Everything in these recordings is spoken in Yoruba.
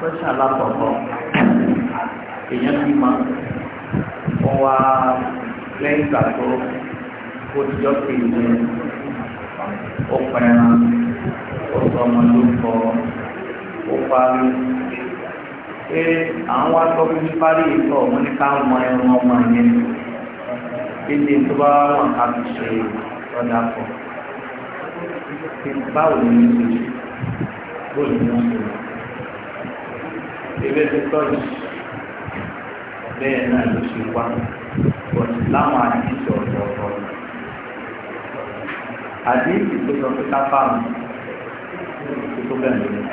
Pẹ́sà lápọ̀pọ̀, èèyàn bí ma, wọ́n wá lẹ́yìn ìgbà tó kó ti jọ́ pé ìlú ó pẹ̀ràn, ó sọ ọmọ ló kọ, ó parí. Ṣé àwọn akọ́bí ní parí ìkọ̀ wọn ní ká mọ ẹran ọmọ yẹn? Bí ní tó bá wọn ká fi ṣe ọ̀dà pọ̀. Báwo ni ó ṣe ṣe? bóyí ní ọ̀sẹ̀ ebe ti tọ́jú bẹ́ẹ̀ náà ló ṣe wá bọ̀dù láwọn àdìsí ọ̀tọ̀ọ̀tọ̀ àdìsí tó sọ pé káfá mi tó tó bẹ́ẹ̀ lónìí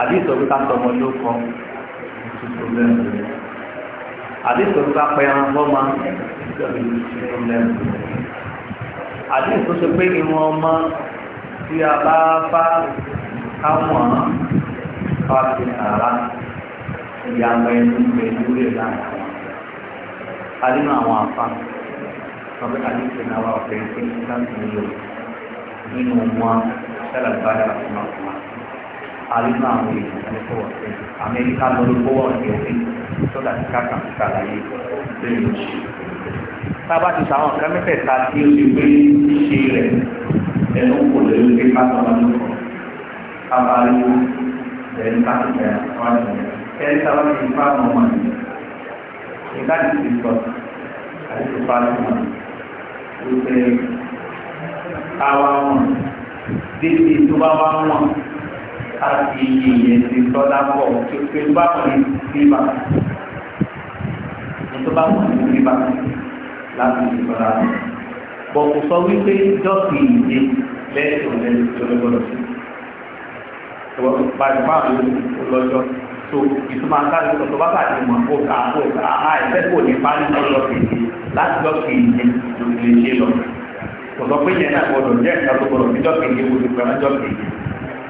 àdìsí tó ká sọmọ ló kọ tó tó bẹ́ẹ̀ lónìí àdìsí tó ká pẹ́ ẹran fọ́mà tó tó bẹ́ẹ̀ lónìí àdìsí tó ṣe pé ìwọ̀n ọmọ tí a bá fá Kamu pasti fi yang ìyàwó ẹnu pẹ̀lú rẹ̀ láàrín àwọn. a nínú àwọn àfa wọn bẹ́ẹ̀ àti ìṣẹ̀lẹ̀ àwọn ọ̀fẹ́ ṣe ní sáǹtì nílò nínú wọn sẹ́lẹ̀ gbáyà àtúmọ̀túmọ̀ a nínú àwọn èèyàn tó wọ̀ sí amẹ́ríkà lórí kówó ọ̀sẹ̀ òfin sọ́dà ti káàkà ń ṣàlàyé lórí oṣù abali dari kaki ya dari salah sifat nomor kita di sifat ada sifat nomor itu awam di situ awam àti iye ti tọ́lá pọ̀ pé tó bá wọ̀ ní bíbá tó bá wọ̀ ní bíbá láti ìtọ́lá bọ̀ kò sọ wípé jọ́sìn ìdí lẹ́yìn tó lẹ́yìn tó lọ́gbọ́dọ̀ sí i ẹ̀wọ̀n tó pa ìgbà àwọn olóòjọ́ tó ìtumọ̀ akáàlù tó bá bàjẹ́ mọ̀ kó ká kó ká á ẹ̀fẹ́ kò ní bá nínú lọ kèké láti lọ kèké lórí ilé lọ. kò sọ pé yẹn náà gbọdọ̀ jẹ́ ìka tó gbọdọ̀ fíjọ́ kèké wo ti pẹ́ lọ́jọ́ kèké.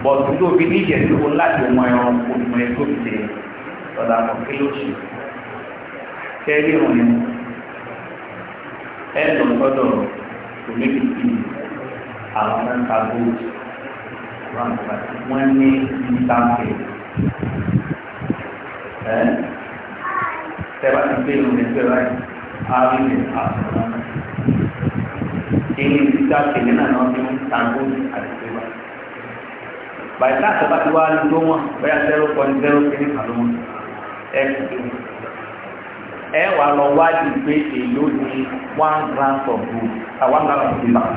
bọ̀dù tó fi níjẹ̀ tó wọn láti mọ ẹran òmùmọ̀ ẹ̀ tó wọ́n ní ìtàkì ẹ́ tẹ́lá ti gbé ìròyìn ẹgbẹ́ rẹ̀ àárín ẹ̀ àtúnwá èyí ìtàkì nínú àwọn ọdún tàǹgó àti ìwà bàtà àtàbà tí wàá lò wọn bẹ́ẹ̀ zero point zero three kàlómọ́ ẹ̀ ẹ̀ wà lọ wájú pé èlò ní one gram of gold one gram of silver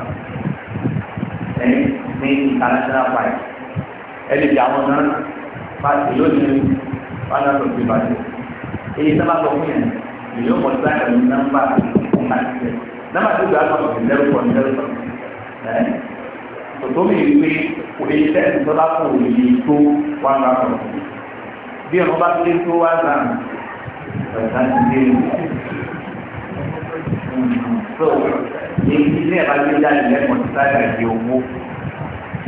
ní international price ẹni tí àwọn náà pàṣẹ lónìí wọn náà tó fi bàjẹ́ èyí tó bá sọ fún yẹn yóò mọ̀ sí àgbẹ̀ ní nọ́mbà fún àtijọ́ nọ́mbà tó gbà sọ̀rọ̀ sí lẹ́rù pọ̀ lẹ́rù pọ̀ ẹ̀ tòtò mi rí pé òye sẹ́ẹ̀sì tó bá fún òye tó wọn bá sọ̀rọ̀ bí ọmọ bá tún tó wá sàn ọ̀sán ti dé hmm. so èyí ilé ẹ̀ bá gbé jáde lẹ́kọ̀ọ́ sí sáyà owó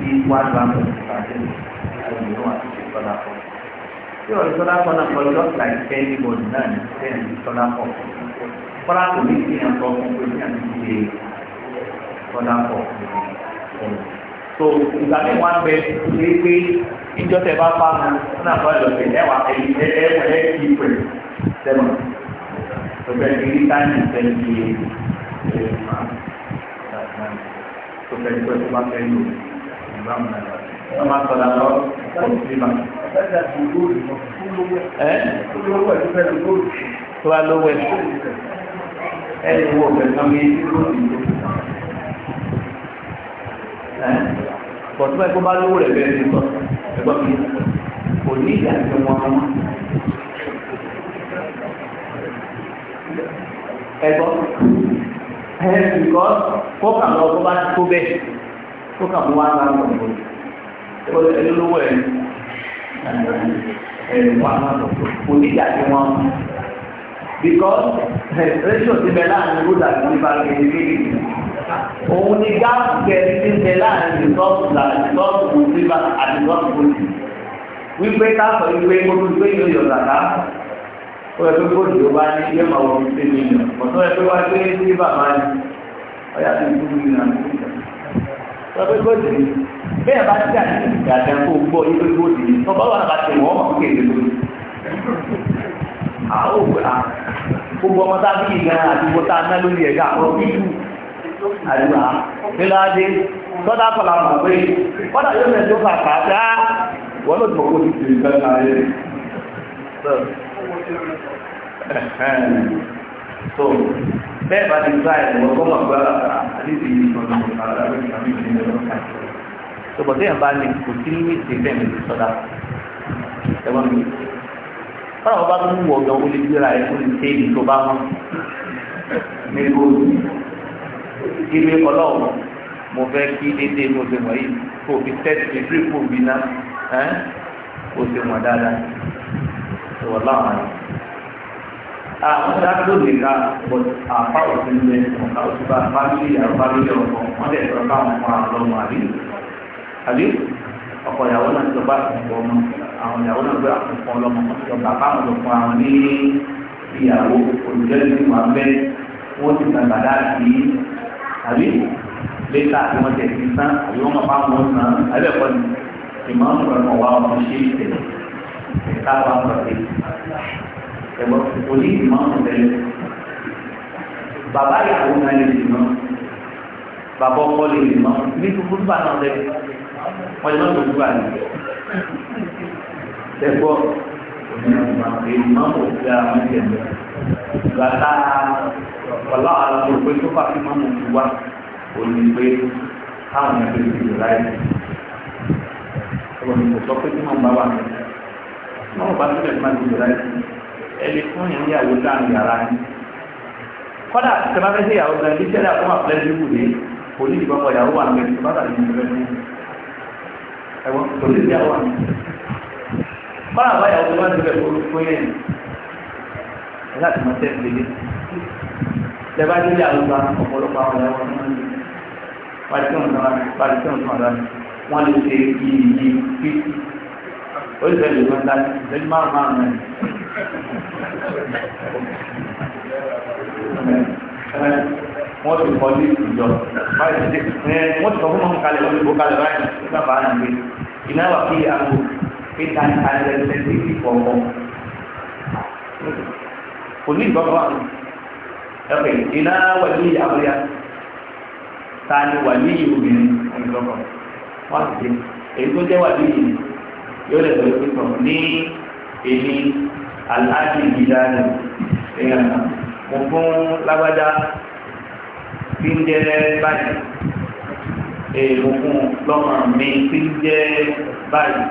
one thousand percent and you know what to do solar for. Yóò rí solar for náà for just like anybody náà ní ten solar for. Kọ́lá kò So ìgbà mi wá bẹ ṣe pé ìjọ tẹ bá fà mú ọ̀nà àbájọ pé ẹ wà ẹ̀yìn ẹ̀ ẹ̀ ẹ̀ kì í pè sẹ́wọ̀n. Ọ̀gbẹ́ ti rí táyì sẹ́yìn ti ẹ̀ máa. Ọ̀gbẹ́ ti pẹ́ tó bá fẹ́ lò ìgbàmùnà wọ́n máa sọ̀rọ̀ lọ kọ́ńtìmà. ẹ́ tó bá lówó ẹ̀ ẹ́ lè wo ọ̀bẹ kan bí bọ̀tún ẹ̀kọ́ bá lówó rẹ̀ bẹ́ẹ̀ ní sọ ẹ̀gbọ́n mi kò ní ìyá ìfẹ́ wọn mọ́. ẹ̀gbọ́n ẹ̀ẹ́dùkọ́ kó kà lọ kó bá tó bẹ́ẹ̀ ó kà mú wá lára ọ̀pọ̀ ẹgbẹ́ ẹni lówó ẹ̀ ẹ̀rù wá lára ọ̀pọ̀ oníjà tí wọ́n because eh, ratio ti bẹ láàrin good and evil kìíní òun ni gáàsì kẹrin ti bẹ láàrin resources and resources good river and resources good wípé káàkiri wípé kó tó gbé yóò yọ̀ zàká ó yẹ pé kóòtù tó bá ní ilé máa wọ fún tèmi yàn ọ̀tọ́ yẹ pé wá gbé river máa ní ọ̀yà tó ń kú nínú àdúgbò lọ́pẹ́ tó dìrí bẹ́ẹ̀ bá ti dàbí ìdàdà kó gbọ́ ilé tó dìrí ọba wà bá ti wọ́n mọ̀ kéde lórí. àwọn òwe à gbogbo ọmọ tá a bí ìgbà àdúgbò tá a ná lórí ẹ̀ka àkọ́ bíjú àdúrà nílá dé tó bẹ́ẹ̀ bá ti gbá ẹ̀wọ̀n kọ́ mọ̀ gbá àkàrà àdìsí yìí kan ní ọ̀kadà lórí àmì ìdílé ọ̀kà tó bọ̀ déyàn bá ní kò sí ní ìdè bẹ́ẹ̀ ní sọ́dà ẹ̀wọ̀n mi fọlọ́ wọn bá tún wọ̀ ọ̀gbọ̀n ó lè gbéra ẹ̀ ó lè tẹ́ èyí tó mo fẹ́ kí dédé mo ṣe mọ̀ yìí kò fi tẹ́tì fi bí ná ẹ́ kò ṣe mọ̀ dáadáa ṣe wọ́n láwọn àwọn dákò nìka bọ̀ àpá òfin lẹ ọ̀ka òṣùpá fámìlì àfámìlì ọkọ̀ wọ́n tẹ̀ sọ káwọn ọmọ àlọ́mọ àbí àbí ọkọ̀ ìyàwó náà sọ bá àkùnkọ̀ ọmọ àwọn ìyàwó náà gbé àkùnkọ̀ ọlọ́mọ sọ bàbá àwọn ọ̀pọ̀ àwọn ní ìyàwó olùjẹ́lẹ̀ ní wà mẹ́ wọ́n ti gbà gbàdá sí àbí lẹ́tà tí wọ́n tẹ̀ sí sán ẹ̀wọ̀n kò ní ìmọ̀ ọ̀tẹ̀lẹ̀ bàbá ìyàwó náà lè dìmọ̀ bàbá ọkọ lè dìmọ̀ ní kúkúrú bá náà lẹ wọ́n lè má tó gbà ní. ẹ̀gbọ́ ìmọ̀ òfin àwọn ìjẹ̀mẹ̀ gbàtà ọ̀la àwọn olùgbé tó bá fi máa mú ti wá olùgbé táwọn ẹgbẹ́ ti lò láì ọ̀rọ̀ mi kò sọ pé kí wọ́n bá wà ní wọ́n bá sílẹ̀ máa ti lò láì ẹ̀lẹ́ fún ìyàwó láàrin yàrá ní kọ́dà tẹ́bàfẹ́ sí ìyàwó gan ní sẹ́dá fún àpẹẹrẹsìkù ní polisi gbọ́pọ̀ ìyàwó wà ní ìbátà ní ìbẹ̀rẹ̀ ní ẹ̀wọ̀n polisi ìyàwó wà ní kọ́dà bá ìyàwó wà ní ìbẹ̀rẹ̀ fún yẹn ẹ̀ láti mọ tẹ́ ìgbélé tẹ́bà sí ìyàwó gan ọ̀pọ̀lọpọ̀ àwọn ìyàwó wọn lè ṣe iye iye fífi oríṣiríṣi ìgbọ́n dání ìgbẹ́jú márùn márùn-ún wọ́n ti kọ́ ní ìjọ báyìí ti wọ́n ti sọ fún ọmọ kalẹ̀ wọ́n ti bó kalẹ̀ báyìí nígbà bá ń gbé iná wà kí àgbo pété àìsàn ẹ̀sẹ̀ ti fi kọ̀ọ̀kọ̀ kò ní ìgbọ́gbọ́ àwọn ẹ̀kẹ́ iná wà ní àbúyá ta ni wà ní obìnrin ìgbọ́gbọ́ wọ́n ti dé èyí tó jẹ́ wà ní yìí yóò lè lọ́ọ́ pípọ̀ ní èyí aláàjì ìgbìlá ni èèyàn náà mo fún lágbájá tí ń jẹ́ báyìí èèmọ̀ fún lọ́mọ mi tí ń jẹ́ báyìí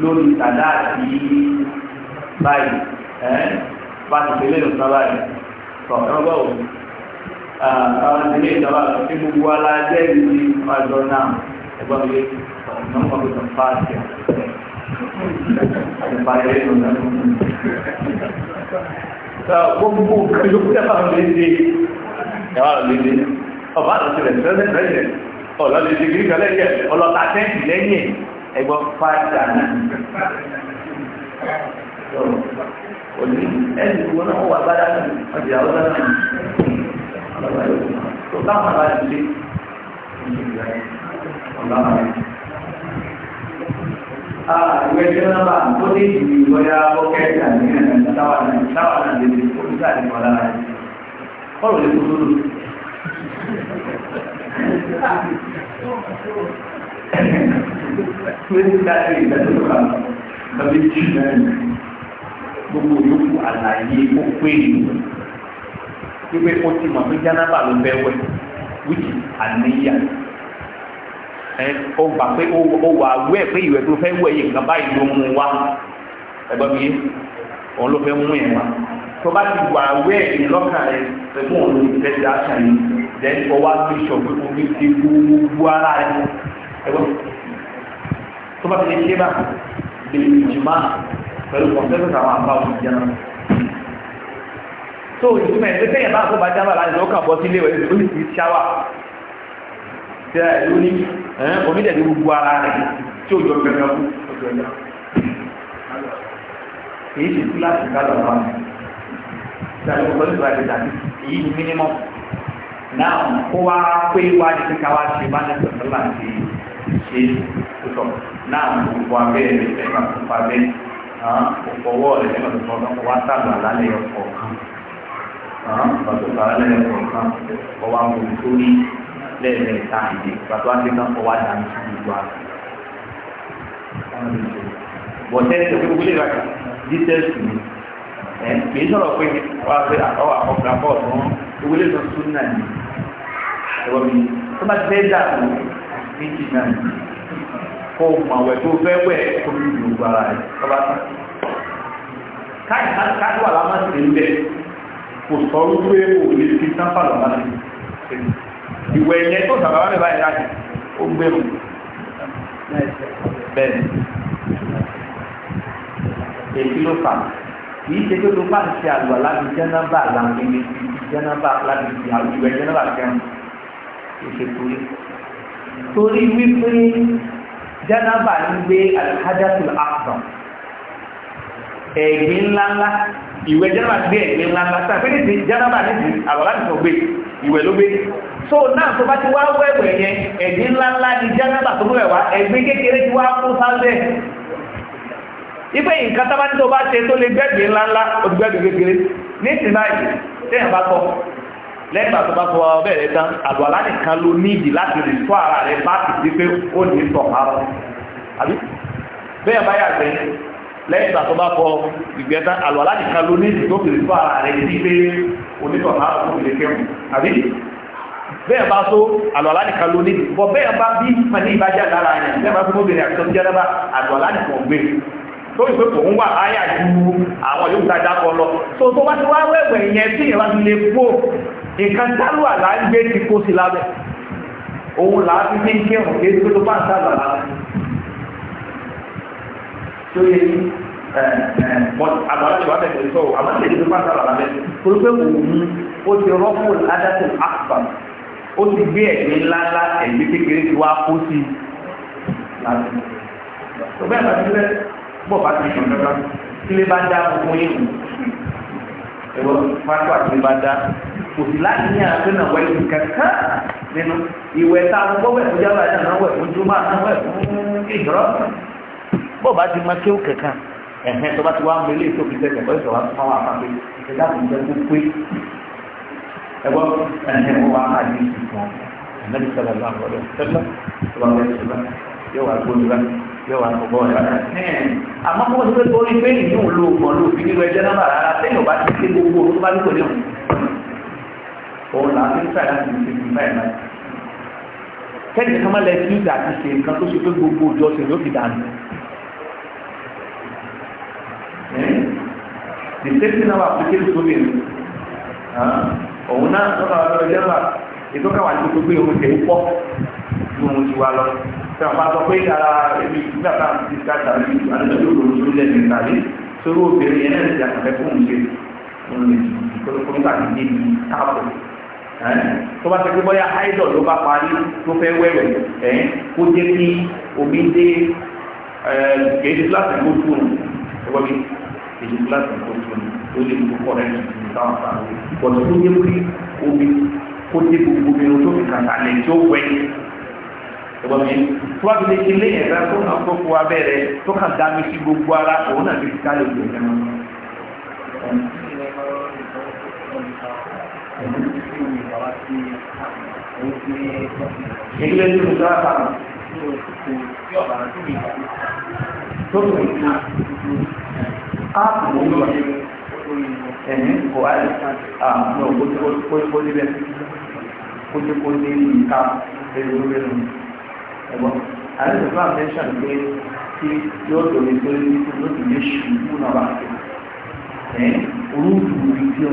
lórí tàdá àti báyìí ẹ́ bá ti fi lẹ́nu sábà yìí tọ̀ ẹ̀rọ bá wò àwọn ìdílé ìjọba tí gbogbo alájẹ́ ìdí máa náà ẹgbọ́n mi lé tọ̀ ìnáwó ọ̀gbìn tó fà á ẹ̀ gbogbo nǹkan yóò kú ẹ̀fà léde ẹ̀fà léde ọba àti rẹ̀ tẹ́lẹ̀ tẹ́lẹ̀ ọ̀lọ́lẹ́dẹ́ kìí kan lẹ́yẹ ọlọ́ta tẹ́ǹtì lẹ́yìn ẹgbọ́ fàájà náà ẹni wọn náà wà bá dáná ọjà ọlọ́dá náà náà Ah, ìwé tí wọ́n bá tó lè gbogbo yòókù àlàyé ó pé ìlú. Wípé ó ti mọ̀ pé Jánábà ló wíjì ó gbà pé ó wà wẹ̀ pé ìwẹ̀ tó fẹ́ wẹ̀ yìí nǹkan báyìí ló mú wa ẹ̀gbọ́n mi yé òun ló fẹ́ mú yẹn wa tó bá ti wà wẹ̀ ìlọ́kàn rẹ̀ pẹ̀lú òun ló ti fẹ́ ti àṣà yìí lẹ́yìn tó wá tó ìṣọ̀ pé omi ti gbogbo ara rẹ̀ ẹ̀gbọ́n tó bá ti lè ṣe bá lè jùmọ̀ pẹ̀lú kọ̀ǹtẹ́sì àwọn àbá òun jẹ́ náà tó ìtumọ̀ ẹ̀ tẹ ẹ lónìí omi dẹ̀ ní gbogbo ara rẹ̀ tí òjò gbẹ̀gbẹ̀ kú èyí ti kú láti kálọ̀ wá sáré gbogbo nípa ẹ̀ dàbí èyí ni mínímọ̀ náà kó wá pé wá ní kíkà wá ṣe bá ní sọ̀tọ̀ láti ṣe sọ̀tọ̀ náà gbogbo abẹ́ rẹ̀ ẹ̀ máa tó pa bẹ́ẹ̀ ọ̀pọ̀wọ́ rẹ̀ ẹ̀ máa tó pa ọ̀pọ̀ wá sábà lálẹ́ ọ̀pọ̀ kan ọ̀pọ̀ sábà lálẹ́ ọ̀pọ̀ kan ọ̀wá mọ̀ nítorí lẹ́ẹ̀mẹ́ta ìdè pàtó àgbẹ̀ká ọwọ́ àdáni sí gbogbo àgbà. bọ̀tẹ́sì gbogbo lè ràkà dítẹ́sì ni kìí sọ̀rọ̀ pé wà á fẹ́ àtọwà ọ̀gá pọ̀ fún gbogbo lè sọ sún náà ni ẹ̀wọ̀n mi tó bá fẹ́ dà tó méjì náà ni kó mọ̀ wẹ̀ tó fẹ́ wẹ̀ kó ní gbogbo ara rẹ̀ tó bá tán. káyìí káyìí wà lámàsì ń bẹ̀ kò sọ wípé òun lè fi sáfà lọ́mọ́sí ìwẹ̀ yẹn tó sàbàbà mẹ́bà ẹ̀ láti ó gbé mu bẹ́ẹ̀ èyí ló fà kì í ṣe pé ló bá ṣe àlùwà láti jẹ́nàbà láti ní jẹ́nàbà láti di jẹ́nàbà kẹrin ìṣe torí torí wípé jẹ́nàbà ń gbé alhadatul akbar ẹ̀gbin ńláńlá ìwẹ̀ jẹ́nàbà gbé ẹ̀gbin ńláńlá sáfẹ́ ní ti jẹ́nàbà ní ti àbàbà nìkan gbé ìwẹ̀ ló gbé so náà tó bá ti wá wẹ̀wẹ̀ yẹn ẹ̀gbin ńláńlá ni jẹ́nàbà tó wẹ̀wá ẹ̀gbin kékeré ti wá kó sáfẹ́ ipe nǹkan tá bá ní tó bá ṣe tó lè gbẹ̀gbin ńláńlá ó ti gbẹ̀gbin kékeré ní ìsìn báyìí téèyàn bá kọ́ lẹ́gbà tó bá fọwọ́ bẹ̀rẹ̀ tán àlùwàlá nìkan ló níìdì láti rìn tó ara rẹ̀ bá ti di pé ó ní sọ̀kárọ̀ lẹ́yìn tó bá kọ ìgbẹ́ta àlọ́ láti kan ló ní ìdókòlè fún ara rẹ̀ sí pé onítọ̀ máa kó lè kẹ́wọ̀n àbí bẹ́ẹ̀ bá tó àlọ́ láti kan ló ní bọ́ bẹ́ẹ̀ bá bí pẹ̀lú ìbájá lára rẹ̀ bẹ́ẹ̀ bá tó mọ́bìnrin àti tọ́jú jẹ́rẹ́bá àlọ́ láti kan gbé tó ìpé kò ń wà áyà ju àwọn yóò dájá kọ lọ tó tó bá ti wá wẹ̀wẹ̀ yẹn tí ìrìn láti lè gbó nǹkan dálù àlá ń gbé ti kó sí lábẹ́ òun làá fi ní kírun tó yẹ kí àgbàlagbà wà bẹ̀rẹ̀ sọ o àmọ́ tẹ̀lé tó máa sábà lábẹ́ torípé òun ó ti rọ́pò adájọ́ àkùbà ó ti gbé ẹ̀mí ńláńlá ẹ̀mí kékeré tí wàá kó sí i láti tó bẹ́ẹ̀ bá ti bẹ́ẹ̀ bọ̀ bá ti sùn lọ́la tí lè bá dá gbogbo yín kù ẹ̀rọ pátó àti lè bá dá kò sí láti ní àgbẹ̀ náà wẹ̀ ní kankan nínú ìwẹ̀ tá a gbọ́ wẹ̀ fún jábàá náà wẹ̀ fún ìdúró bó bá ti máa kéwù kankan ẹ̀hẹ́ tó bá ti wá mọ ilé ìtòkì tẹ̀sẹ̀ pẹ̀lú ìṣọ̀wá tó máa fà pé ìṣẹ̀dá kò jẹ́ kó pé ẹgbọ́n ẹ̀hẹ́ wọn wá máa di ìfún ẹ̀nẹ́bí sọ̀rọ̀ náà lọ́dọ̀ tẹ́lẹ̀ tó bá wọlé ìṣẹ̀lá yóò wá gbóni rá yóò wá gbọ́ ẹ̀ àmọ́ kó tó tó rí pé ìyún ló mọ̀ ló fi nílò ẹjẹ́ náà rárá lẹ́yìn ọba ti ké gbogbo tó bá ní kò léwu òun the same thing náà wà fún kéde tó bẹ̀rẹ̀ òun náà lọ́nà ọ̀dọ́ ẹ̀jẹ̀ wà ètò káwá ní gbogbo ìhun tẹ̀ ń pọ̀ ju ohun ti wá lọ tí wọn bá sọ pé ara ẹbí nígbà tá à ń ti ká tàbí àdéhùn yóò lòun tó lẹ̀ ní tàbí sórí obìnrin yẹn náà ti àkàfẹ́ fún òun ṣe òun lè kórókóró tàbí débi táàbù ẹgbẹ́ mi èyí kíláàsì kò tó ní ó lè kó kọ́ lẹ́yìn ní táwọn sáré bọ̀dọ̀ tó yẹ pé omi kó dé gbogbo mi tó fi kàtà lẹ̀ tí ó wẹ̀ ẹgbẹ́ mi tó bá fi lè ṣe lé ẹ̀dá tó náà tó fo abẹ́rẹ́ tó kà dá mi sí gbogbo ara òun náà fi ká lè gbẹ̀ ẹ̀rọ. Ìgbésí ìjọba kan lókè káàpù owó lọ ẹ̀mí kò áyè àmì òkòtòkòtò bẹ́ẹ̀ kótókótó ní káàpù lórí lórí lórí ẹ̀gbọ́n àti ìfúnná mẹ́ṣà pé tí yóò tó lè tó lè tó lókè lè ṣubú náà bá ẹ̀ orúkú ibi tí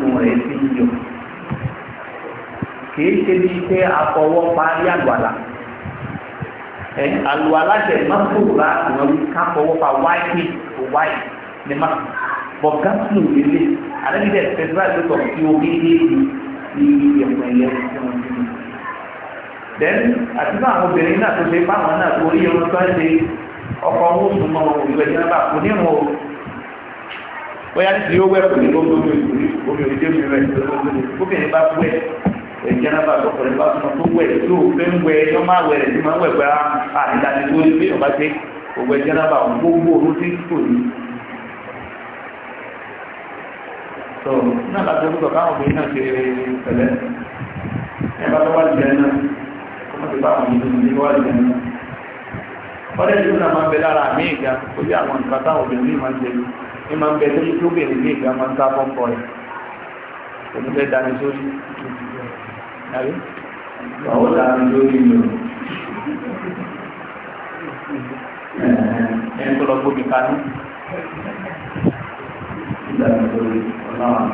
kìí ṣe bí pé afọwọ́ parí àgbàlá àlò aláṣẹ mọ́tò rà àwọn orí kápọ̀wọ́ fa wáìkì tó wáì ní má bọ̀ gáàsì ò lélẹ̀ àdébìdẹ̀ fẹsibáì ló sọ fi omi dé ní ìyẹ̀pọ̀ ẹ̀yẹ tí wọ́n ti ní. dẹ́n àti náà àwọn obìnrin náà tó ṣe báwọn náà tó orí ẹran tó ń ṣe ọkọ̀ wọn ò sùn mọ́ ìwé ẹ̀jẹ̀ náà ní ìwọ̀n o. bóyá ní ti yóò wẹ̀ pẹ̀lú omi òdìdé mi rẹ̀ ẹ̀jẹ̀ náà bá tọkùnrin bá tún tó wẹ̀ tó fẹ́ ń wẹ̀ yọ máa wẹ̀ rẹ̀ tí máa ń wẹ̀ gbà á ìdájí tó lé bí ọba ṣe òwò ẹ̀jẹ̀ náà bá gbogbo oró tí kò ní. tó náà bá tẹ́ gbọ́dọ̀ káwọn obìnrin náà ṣe pẹ̀lẹ́ ẹ̀ bá tọ́ wá jẹ náà kó má ti bá àwọn ìdùnnú ní wá jẹ náà. wọ́n lẹ́yìn náà máa ń bẹ lára àmì ìgbà ó àwọn nǹkan táwọn Ọwọ́ ta ni lórí mi o. Ẹni tó lọ gbóbi kánú. Ìdájọ́ lórí ọlọ́run.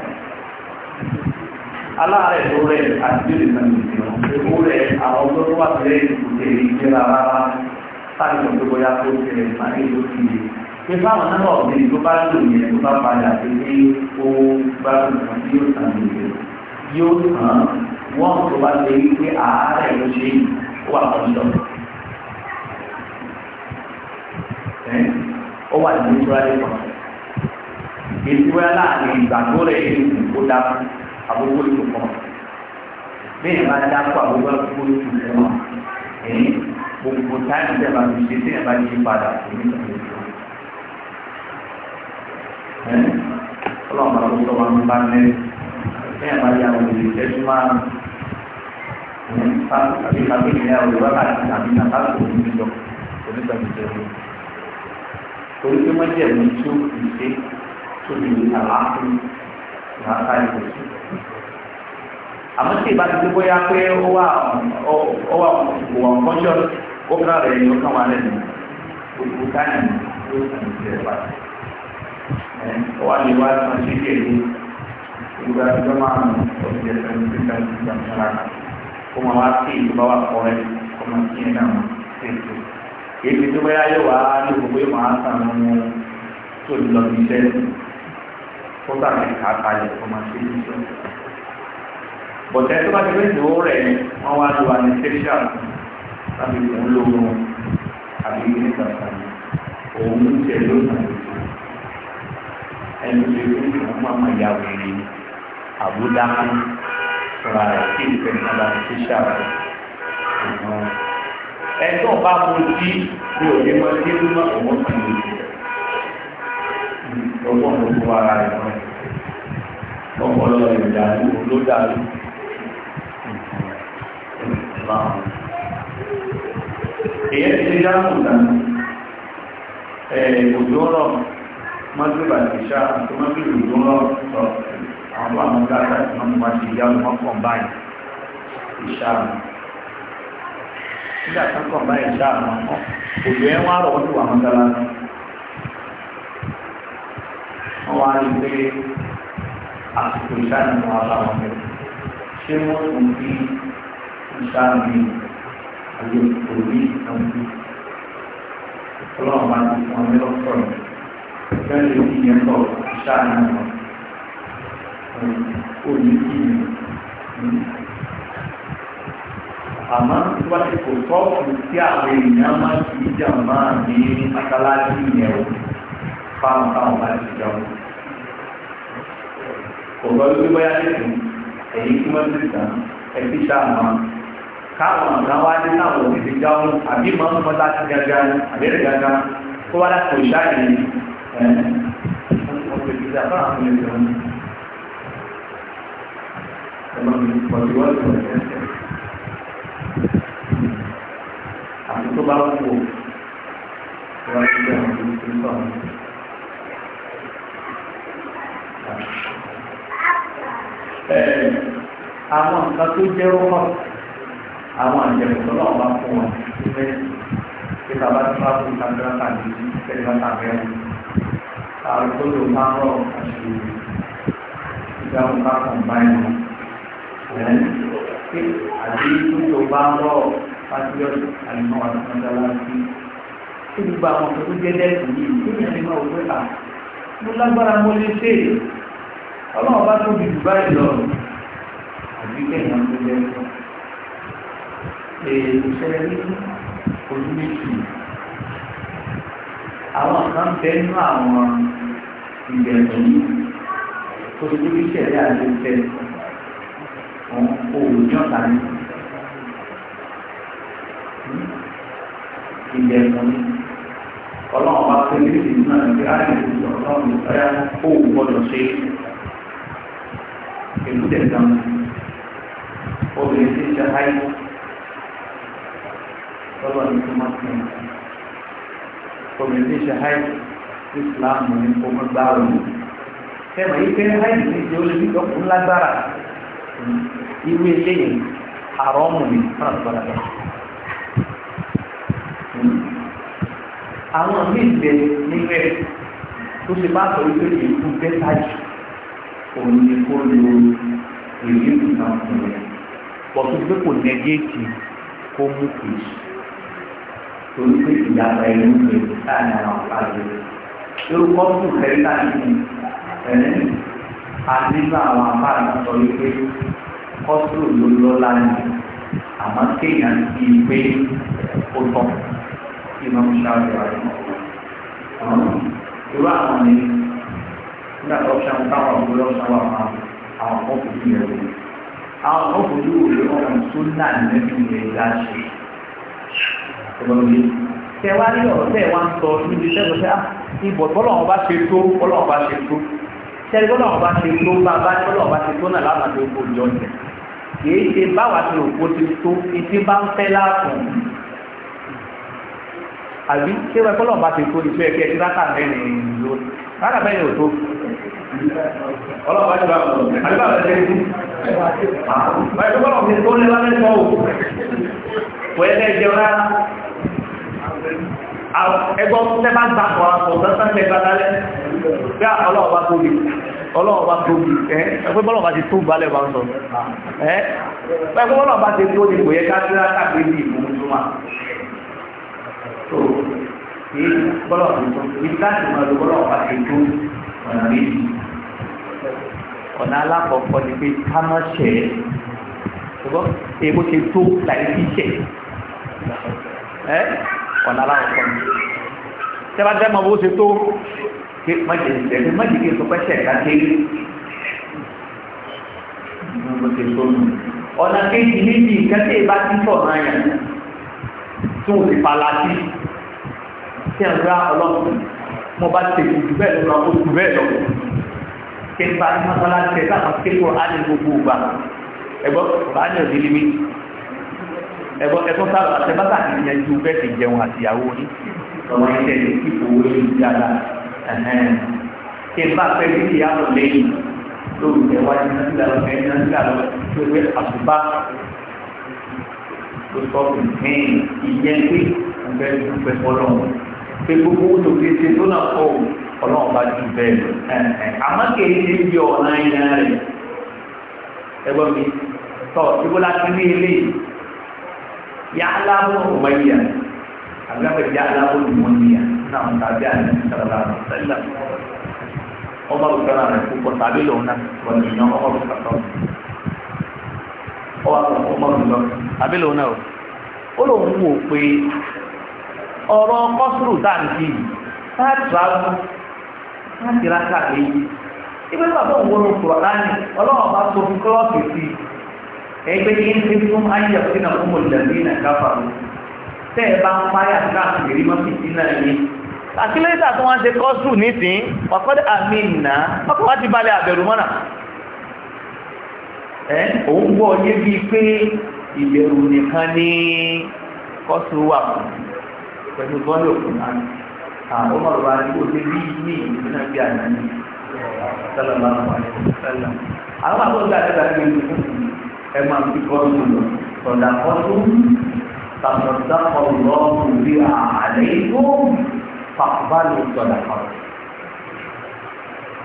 Aláàárẹ̀ tó rẹ̀ àti bí olùkọ́ ní ìgbìmọ̀. Èkó rẹ̀ àwọn ọgbọ́n tó wà sílẹ̀ ìkùté ìjẹ́ra rárá. Sáàyè tó gbogbo ya tó tẹ̀lé máa ń lò sí i. Ṣé báwọn náà ọ̀gbìn tó bá lò yẹn tó bá padà sí pé ó gbádùn kan tí yóò sàmì ìgbèrò? yóò hàn wọ́n tó bá lè rí pé àárẹ̀ ló ṣe wà lọ́dọ̀. ó wà ní ìtúrálẹ̀ kan ìtura láàrin ìgbà tó rẹ̀ ṣe kó dákú àbúkú ètò kan bẹ́ẹ̀ bá dákú àbúkú ètò kan gbogbo táyà tẹ̀ bá ti ṣe tẹ̀ bá yí padà fún mi lọ́wọ́ ọlọ́run bá tó sọ wọn bá ní bẹ́ẹ̀ máa yà wọ́n lè fẹ́ tún máa ní pàtó àbí pàtó ìrìn àwọn ìwà àti àbí nàbà tó ní lọ onígbàgbé jẹ wọn. torí pé wọ́n jẹ̀ mí tó ìṣe tó lè àlàáfíà ìhàkà ìgbésí àmọ́ tí ìbá ti juga zaman kebiasaan kita di masyarakat. Kumawati bawa korek kemungkinan itu. Ibu juga beraya wah, ibu itu masa mau sudah bisa. Kota kita kaya kemungkinan itu. Bọ̀tẹ́ tó bá ti fẹ́ dùn rẹ̀ wọ́n wá lu anesthesia tàbí olóòrùn àbí ilé kankan òun ń tẹ̀ lónìí ẹni àbúdá fúnra rẹ̀ kí nìkan ní ọba ti ṣàrà ọ̀gbọ́n. ẹjọ́ bá mo jí mi ò ní mọ sí nínú ọ̀gbọ́n kan ní ìlú ọgbọ́n mo fún ara rẹ̀ mọ́ ọpọlọ rẹ̀ ló dàrú. èyí ti dáhùn dànù òjò rọ̀ mọ́tò bàtìṣà tó mọ́tò òjò rọ̀ àwọn àwọn wọn ni wọ́n ti yá wọn kàn báyìí ìṣàmù nígbà tó kàn báyìí ìṣàmù ọ̀hún òjò ẹ̀ wọ́n á rọ̀ wọ́n tó wà wọn wá rí pé àsìkò ìṣàmù wọn bá wọn bẹ̀rẹ̀ ṣé wọ́n tún fi ìṣàmù àyè òbí ìṣàmù ọlọ́run máa ti fún ọ ní lọ́sọ̀rọ̀ bẹ́ẹ̀ lè ní ìyẹn kọ̀ ìṣàmù wọn fún òní kí ni àmọ́ tí wọ́n ti kò tọ́ọ̀kù tí àwọn èèyàn máa ti jàmá ní mọ́sálásí yẹn o fáwọn táwọn bá ti jọ kò lọ sí bóyá lẹ́sìn èyí tí wọ́n ti tàn ẹbí sáàmà káwọn àgbà wá ní káwọn òbí ti jáwọ́ àbí máa ń mọ́tà sí gángan àbẹ́rẹ́ gángan kó wá láti kò ṣáà yẹn ẹ̀ wọ́n ti fi ṣe àbáwọn ọmọ ẹgbẹ̀rún ẹ̀mọ́ mi forty one point ẹsẹ̀ àti tó bá wù ó wá sí àwọn tó ń tún sọ̀rọ̀. nǹkan tó jẹ́ rọ́pọ̀ àwọn àjẹmọ̀ tó bá fún wọn ṣe kí bàbá tó bá fún ìtàgbẹ́rẹ́ tàbí ìtẹ́lẹ́gbẹ́ tàbẹ́rẹ́ àwọn tó lò máa ń rọ̀ báyìí pé àdéhùn tó bá ń rọ̀ pàtíọ́sì àìmọ́ àtúnṣe tó gbogbo àwọn ọ̀pọ̀ tó jẹ́ dẹ́kun yìí tó yẹ nígbà wọ́pẹ́ à mo lágbára mo lè ṣe ọlọ́run bá tóbi jù báyìí lọ àbí kẹ́yìn àwọn tó jẹ́ olùjọba ni ilẹ̀ ẹ̀kọ́ ni ọlọ́run bá pé léèdì náà ní ààrẹ ìlú ọlọ́run ní ọ̀yá òun gbọ́dọ̀ ṣe èlú tẹ̀sán obìnrin tí ń ṣe ayé lọ́wọ́ ní kúmọ́ sí ẹ̀ obìnrin tí ń ṣe ayé Islam ní kúmọ́ gbáàrún tẹ́mọ̀ yìí pé ayé ní ìṣe olè ní ìjọkùn lágbára irú eléyìí àrọ́mù ní fúnàfúnàfẹ́ àwọn míì bẹ níbẹ̀ tó ṣe bá sọ wípé èkú bẹ́tà jù òun ni kó lo èyí ìdùnnà fún rẹ̀ pọ̀tù pé kò nẹ́gẹ́tì kó mú kejì torí pé ìyàtọ̀ ẹ̀rú rẹ̀ láàrin àwọn àpáàdé lórí kọ́ọ̀tù kẹrìndínlẹ́ẹ̀ẹ́dẹ́gbẹ̀rún àti nínú àwọn àpáàdé sọ wípé kọ́sùrù ló lọ́la ni àmọ́ kéèyàn ti gbé ó tọ́ kí wọ́n fi ṣáájú àti irú àwọn ni nígbà tó ṣe àwọn táwọn ọ̀gbọ́n lọ́wọ́ ṣáwọ́ àwọn àwọn ọ̀pọ̀ ojú rẹ̀ wò àwọn ọ̀pọ̀ ojú rẹ̀ ọ̀hún tó náà nínú ilẹ̀ ìlà ṣe ọlọ́run tẹ wá ní ọ̀rọ̀ tẹ wá ń sọ níbi iṣẹ́ tó ṣe á ibò bọ́lọ́wọ́n bá ṣe tó bọ́lọ́wọ́n bá ṣe tó tẹ́lẹ̀ bọ́lọ́wọ́n bá ṣe tó bá bá bọ́lọ́wọ́n bá ṣe tó náà lábàá tó kó jọ ń tẹ̀ kìí ṣe báwa ti òkú ti tó ìtí bá ń fẹ́ láàfún àbí ṣé wọ́n kọ́ lọ́ọ̀bá ti tó ìtú ẹ̀kẹ́ ti rákà mẹ́rin ló rákà mẹ́rin ò tó ọlọ́ọ̀bá ti bá wọn àbí bá wọn ṣe é báyìí tó bọ́lọ̀ ti tó ní lálẹ́ sọ òkú wọ́n yẹ kẹ́ jẹun rárá ẹgbọ́n tẹ́ bá gbà kọ́ àwọn ọ̀sán sẹ́ńtẹ́ bá dálẹ́ bí ọlọ́ọ̀bá tó lè ọlọ́run bá tóbi ẹ ẹgbẹ́ bọ́lọ̀ bá ti tó balẹ̀ bá ń sọ ẹ ẹgbẹ́ bọ́lọ̀ bá ti tó ní kò yẹ ká tí wọ́n kàgbé ní ìlú mùsùlùmá tó kí bọ́lọ̀ ti tó ibi láti máa lo bọ́lọ̀ bá ti tó ọ̀nà méjì ọ̀nà alákọ̀ọ́kọ́ ni pé ká má ṣẹ̀ ẹ́ ṣùgbọ́n èèbó ti tó láì pé májè ìṣẹ̀lẹ̀ májè kí n sọ pé ṣẹ̀dá kéré ọ̀nà ni, méjì kẹ́tẹ́ ìbá ti sọ̀ náà yà tún òsì palatí tí a ń ra ọlọ́run mo bá ti tètè jù bẹ́ẹ̀ lọ kó jù bẹ́ẹ̀ lọ kí n bá ní mọ́tọ́lá tẹ láwọn kékeré àní gbogbo ìgbà ẹ̀gbọ́n àní òdì ní mi ẹ̀gbọ́n ẹ̀gbọ́n sábà àtẹ́bátà ti yanjú bẹ́ẹ̀ ti jẹun àtìyàwó ní ọmọ ìṣẹ̀lẹ̀ ìfowó ìjàdá ṣe bá fẹ́ bí ìyá lọ lẹ́yìn lórí ìtẹ̀wájú náà sílẹ̀ lọ fẹ́ náà sílẹ̀ lọ tó gbé àtúbá tó sọ fún mi ìyẹn pé ọ̀gbẹ́ tó fẹ́ fọlọ́ pé gbogbo ó lòdì ṣe tó náà kọ́ ọlọ́run bá ju bẹ́ẹ̀ lọ àmọ́ kìí ṣe bí ọ̀nà ìyá rẹ̀ ẹgbọ́n mi tọ́ ibo la ní ilé yàrá lábọ̀ ọ̀gbẹ́yà àgbẹ̀fẹ̀ yàrá lábọ̀ ọ̀gbẹ́yà nínú àwọn tàbí àti ìṣẹ̀lẹ̀ àti ìṣẹ̀lẹ̀ ọmọ òṣèlú rẹ̀ púpọ̀ tàbí lòun náà wọ́n ti yan ọmọ òṣèlú ọwọ́ ọmọ òṣèlú tàbí lòun náà ó lòun wò pé ọ̀rọ̀ kọ́sùrù táǹkì táàtù àwọn láti rákà méjì ìgbé bàbá òun wọnú kúrọ̀ láti ọlọ́wọ́ bá tó fún kọ́lọ́ọ̀sì sí ẹgbẹ́ yìí ń fi fún ayé ọ̀sìn náà tẹ́ ẹ bá ń páyà sí àtìlérí mọ́ fìtí náà ni àkílẹ́sà tó wọ́n ṣe kọ́sù nísìn ọ̀kọ́dẹ̀ àmì ìnà ọkọ̀ wá ti balẹ̀ àbẹ̀rù mọ́nà ẹ̀ òun gbọ́ yé bíi pé ìbẹ̀rù nìkan ní kọ́sù wà pẹ̀lú bọ́ọ̀lù òkun náà àwọn ọmọ ọba ní kò ṣe bí ní ìlú náà bí àná ní sọlọ bá wà ní sọlọ àwọn àbọ̀ ń ẹ تصدق الله بها عليكم فاقبلوا صدقته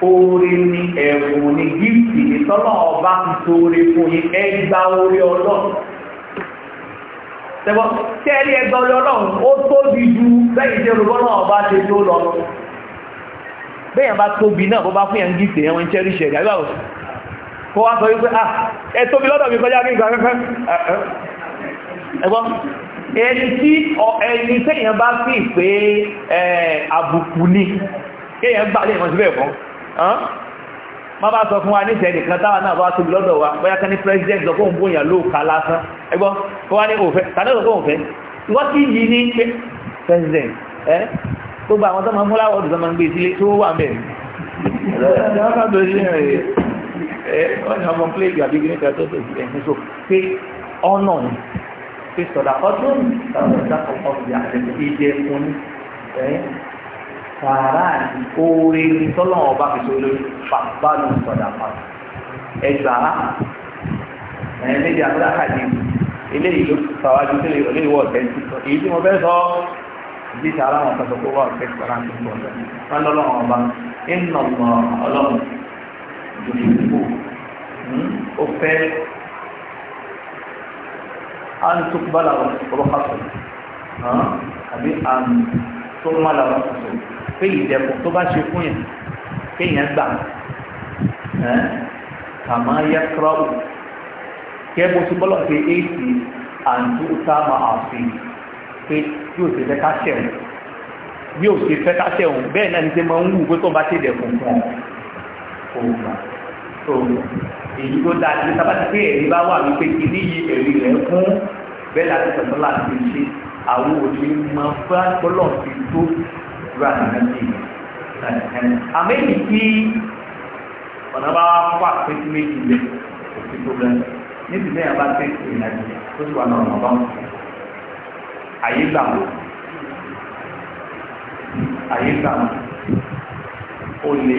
oore ni ẹ̀bùn ni gíìtì ni tọ́lọ́ ọba ti sóore fún yín ẹgbà oore ọlọ́run tẹ́gbọ́n tẹ́lẹ̀ ẹgbà oore ọlọ́run ó tóbi ju bẹ́yìn tẹ́lẹ̀ ọlọ́run ọba ṣe tó lọ bẹ́yìn bá tóbi náà bó bá fún yẹn gíìtì yẹn wọ́n cherish ẹni tí ẹni tẹ́yàn bá fi pé àbùkù ní kéyàn gbà lè wọ́n sí bẹ́ẹ̀ fún ma bá sọ fún wa níṣẹ́ nìkan táwa náà bá tóbi lọ́dọ̀ wa bóyá kan ní president lọ fóun bóyá ló ká lásán ẹgbọ́n tó wá ní òfẹ́ tàbí lọ fóun fẹ́ ìwọ́n tí yìí ní pé president ẹ́ tó gba àwọn tọ́mọ fúnláwọ̀ ọdún tọ́mọ ń gbé sílé tó wà mẹ́rin ọ̀nà ni pé sọ̀dà ọdún sọ̀dà ọ̀gbìn àtẹ̀tẹ̀ ìjẹ fún ẹ̀ sàárà oore tọ́lọ̀ ọba fìtò lórí pàpàlù sọ̀dà pàtó ẹgbàá ẹ̀ méjì àbúrà kàdé eléyìí ló sàwájú tó lè olè wọ ọ̀tẹ́ ti sọ èyí tí mo fẹ́ sọ bí sàárà wọn sọ pé wọ́n ọ̀tẹ́ sọ̀rọ̀ àti ìbọn wọn lọ́lọ́ ọba ń ọlọ́run ìdòdò an tukbala rọ̀kàtù àbí an tó mọ́lá rọ̀kàtù pé ìdẹ̀kùn tó bá ṣe fún yẹn kéèyàn gbà kàmá yẹ kúrọ́ọ̀bù kẹ́ bó ti bọ́lọ̀ ṣe éèsì àǹtú sáàmà àfi pé bí ó ṣe fẹ́ ká ṣẹ̀wọ̀n bí ó ṣe fẹ́ ká ṣẹ̀wọ̀n bẹ́ẹ̀ náà ni ṣe máa ń wù pé tó bá ṣe ìdẹ̀kùn fún ọ èyí tó dáa ní sábàtì pé ẹ̀rí bá wà wípé kìíní yìí ẹ̀rí rẹ̀ fún bẹ́ẹ̀ láti sọ̀tọ́ láti ṣe àwọn òní máa fẹ́ gbọ́lọ̀ fi tó rà nàìjíríà àmì èyí tí ọ̀nà bá wà pé tí méjì lẹ̀ kò sí tó lẹ́nu níbi bẹ́ẹ̀ bá ìrìnàjò tó ti wà náà ọ̀nà bá wọn àyè gbà wọ́n àyè gbà wọ́n ó lè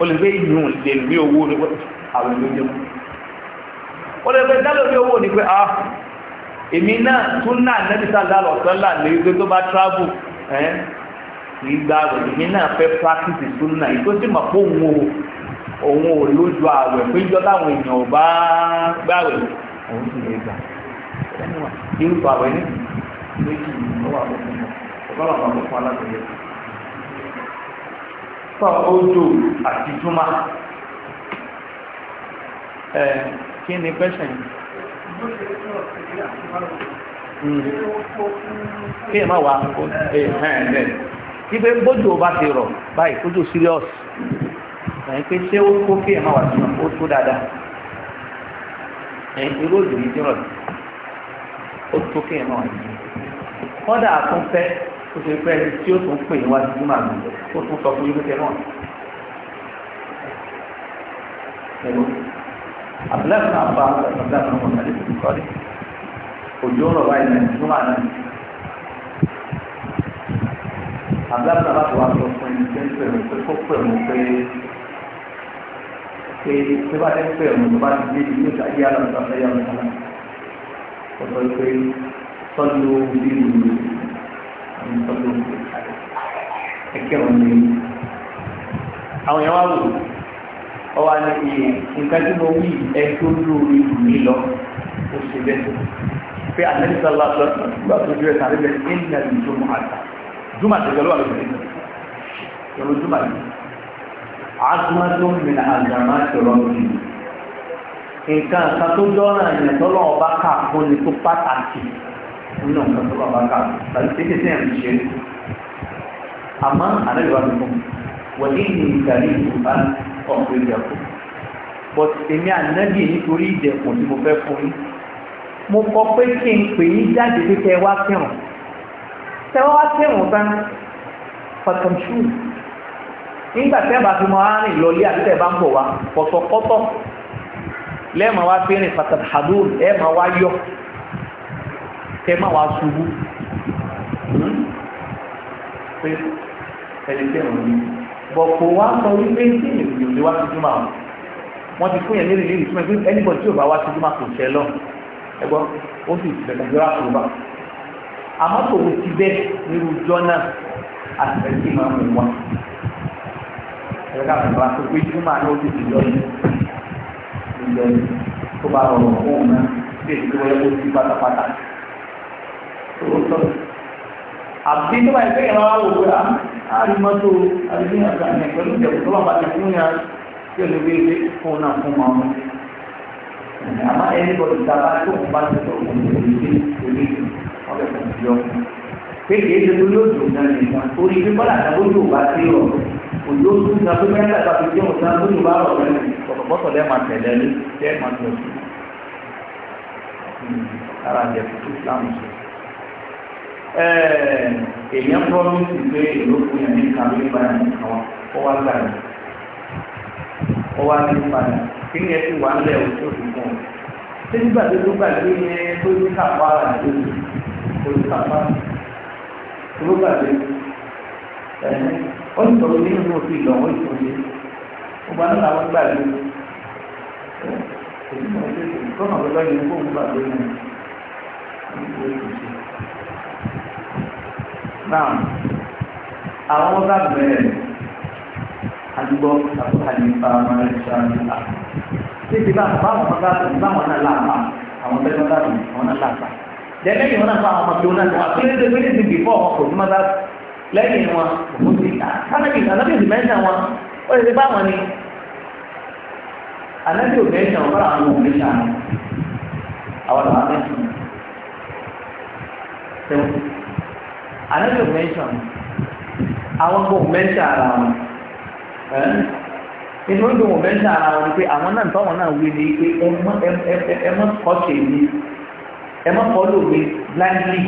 o lè gbé ìlú lè rí owó ní àwọn ìlú jẹun o lè dálò rí owó ní pé ah èmi náà tún náà nẹ́bísà lálọ́ sọ́là lè gbé tó bá travel ẹ́ ìgbà rẹ̀ èmi náà fẹ́ practice tún náà ìtó sì mọ̀ pé òun ò òun ò lójú ààwẹ̀ pé ìjọ táwọn èèyàn ò bá gbàwẹ̀ òun sì lè gbà irúfọ ààwẹ̀ ní méjì ló wà lọ́kùnrin ọ̀pọ̀lọpọ̀ àgbẹ̀fọ́ alágbèyẹ sọ́ọ́dọ̀ àti júmọ́ ẹ̀ kí ni pẹ́sẹ̀ hmm. kí ẹ má wà ibẹ̀ bójú ọba ti rọ̀ báyìí kójú serious ẹ̀yìn pé ṣé ó kó kí ẹ má wà jùlọ ó tó dáadáa ẹ̀yìn pé ó tó kí ẹ má wà jùlọ ó ṣe pé ẹni tí ó tún pè wá sí júmọ̀ àná ó tún sọ fún yúkẹ́ náà. ẹ̀rọ àbúlẹ̀ náà bá ọ̀gá náà wọ̀ sáré tó kọ́ rí òjò ń rọ̀ báyìí náà júmọ̀ àná. àbúlẹ̀ náà bá tó wá sọ fún ẹni tí ń pè mí pé kó pè mí pé pé tó bá ti ń pè mí tó bá ti dé ibi tó ṣàyé àlọ́ àfẹ́yà ọ̀sán náà. ọ̀sọ̀ ìpè sọ́jú bíi ìtọ́jú ẹ̀kẹ́ wọn ní àwọn èèyàn wá wò ọ wá ní iye nǹkan tí mo wí ẹjọ́ lórí mi lọ ó ṣe bẹ́ẹ̀ pé àtẹ́sí sọ́lá sọ nígbà tó ju ẹ̀sán rẹ̀ ní ìlànà ìjọmọ̀ àgbà júmọ̀ àti ìjọba lọ́wọ́ lọ́wọ́ lọ́wọ́ júmọ̀ àti àgbà tó ń mìíràn àgbà máa ń sọ̀rọ̀ mi nǹkan kan tó jọ́ ọ̀ràn ìyẹn tọ́lọ́ ọba kà fún ni tó pàtàkì nínú nǹkan tó bá bá kà tàbí tẹ́kẹ̀ sí àmì ṣe àmọ́ àlejò àti fún wọ́n ní ìgbàlẹ̀ ìgbà ọ̀pọ̀ ìjẹ̀kù but èmi ànábì nítorí ìjẹ̀kùn tí mo fẹ́ fún yín mo kọ pé kí n pè yín jáde pé kẹ́ wá kírun tẹ́ wá kírun tán pàtàkì nígbà tẹ́ bá fi máa rìn lọlé àti tẹ́ bá ń bọ̀ wá pọ̀tọ̀pọ̀tọ̀ lẹ́ẹ̀ma wá fi pàtàkì àdúrà ẹ̀ẹ́ma wá yọ kẹ má wàá ṣubú hmm? pé ẹni tẹ́ ò ní bọ̀ kò wá sọ wípé tí èmi ò lè wá sí júmọ̀ àwọn wọ́n ti fún yẹn lérí lérí túmọ̀ pé ẹnìbọ̀ tí ò bá wá sí júmọ̀ kò ṣẹ lọ ẹgbọ́ ó sì bẹ̀rẹ̀ jọra kò bá àmọ́ kò ní ti bẹ́ẹ̀ nírú jọ́nà àti ẹ̀rí tí mú wa ẹ̀rọ bàbá tó pé júmọ̀ àná ó ti ti lọ́yìn ìjọ tó bá rọrùn fún òun náà bí èyí tó wọlé ó ti pátápátá àti tó báyìí pé ìran àwọn òwe àárín mọ́tò àdúgbò àgbà ní pẹ̀lú ìjẹ̀bù tó wà bá ti fún yàrá tí ó lè wí pé fún náà fún máa mú àmọ́ ẹni bọ̀dọ̀ tí a bá tó ń bá ti sọ òun ní ìdílé ìdílé wọn bẹ̀ fún ìjọ pé kìí ṣe tó lóòjò náà nìkan orí Eh, èèyàn promise pé èlò fún yẹn ní kàwé nípa nìkan ó wá gbà ní ó wá ní padà kí ni ẹ ti wà ńlẹ̀ o tó fi fún ọ. ṣé nígbà tó tó gbàgbé yẹn tó ní kàpá rà ní oṣù tó ní kàpá tó ló gbàgbé ó ní sọ̀rọ̀ nínú ní òfin ìlọ́wọ́ ìtòlé ó bá nílò àwọn gbàgbé èyí ni wọ́n ṣe kọ́nà lọ́gbàgbé kó ń gbàgbé yẹn ní oṣù tó ṣe náà àwọn ọba bẹ̀rẹ̀ àdúgbò àtúkàlì ìfarama rẹ̀ ṣáájú à. títí bá báwọn ọba bẹ̀rẹ̀ báwọn náà làpá àwọn bẹ́ẹ̀ bá bẹ̀rẹ̀ àwọn náà làpá. dẹ́gbẹ́ yìí wọn náà fọ àwọn ọmọ tó náà tó wà péréte péréte bìfọ́ ọmọ kò tó má bá lẹ́yìn wọn kò tó ti ta. kánábì kánábì ti mẹ́ta wọn ó lè ti bá wọn ni. ànábì ò mẹ́ta wọn fọ́ra àwọn òun níta àwọn àwọn mẹ́ta àlejò mẹ́ta àwọn gbogbo mẹ́ta ara wọn inú ń dùn wọn mẹ́ta ara wọn pé àwọn náà tọ́wọ́n náà wí ni pé ẹ mọ́ kọ́ọ̀tì mi ẹ mọ́ kọ́ọ̀lù mi blindly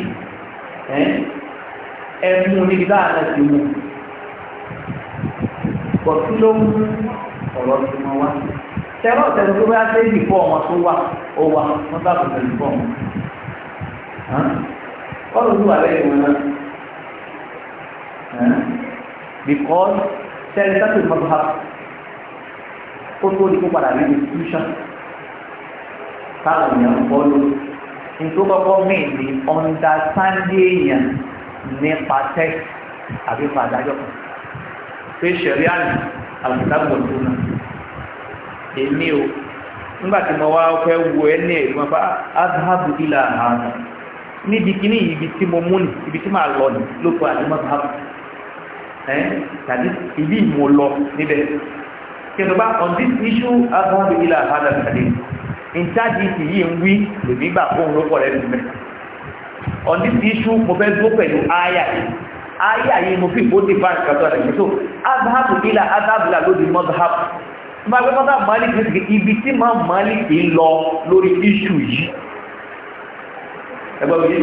ẹ mú níbi dáa náà ti mú pọ̀ kí ló mú ọ̀rọ̀ tí wọ́n wá tẹ́lọ̀ tẹ́lọ̀ tó bá dé ìdìbò ọmọ tó wà ó wà wọ́n bá kò ìdìbò ọmọ. wọ́n lọ sí wàhálà ìwé náà because sẹ́ńtẹ́tù mọ́tòhá ó tó di kó padà rí institution táwọn èèyàn bọ́ ló ní tó kọ́kọ́ mìíràn ní ọ̀ndàsáńdé èèyàn nípa tẹ́ẹ̀tì àbí nípa àdájọ́ kan pé ṣẹ̀rí àná àlùkàbọ̀ tó náà èmi o nígbà tí mo wá fẹ́ wo ẹ ní bá azhabu ila ààrùn níbi kíní ibi tí mo mú ni ibi tí màá lọ ni ló kọ àdúgbò Eh? tàbí ìdí ìmọ̀ lọ níbẹ̀ kẹtọba on this issue agbọ́n bí ilà àhádà tàbí ìtajì ti yìí ń wí lèmi gbà fún olóko rẹ̀ lùmẹ̀ on this issue mo fẹ́ dúró pẹ̀lú àyà yìí àyà yìí mo fi ìbòdì bá ìkàtọ́ àtàkì tó agbáhàbù ilà agbábùlà lóde mọ́tàbù máa gbé mọ́tà malik ní ti ibi tí máa malik ń lọ lórí issue yìí ẹgbẹ́ mi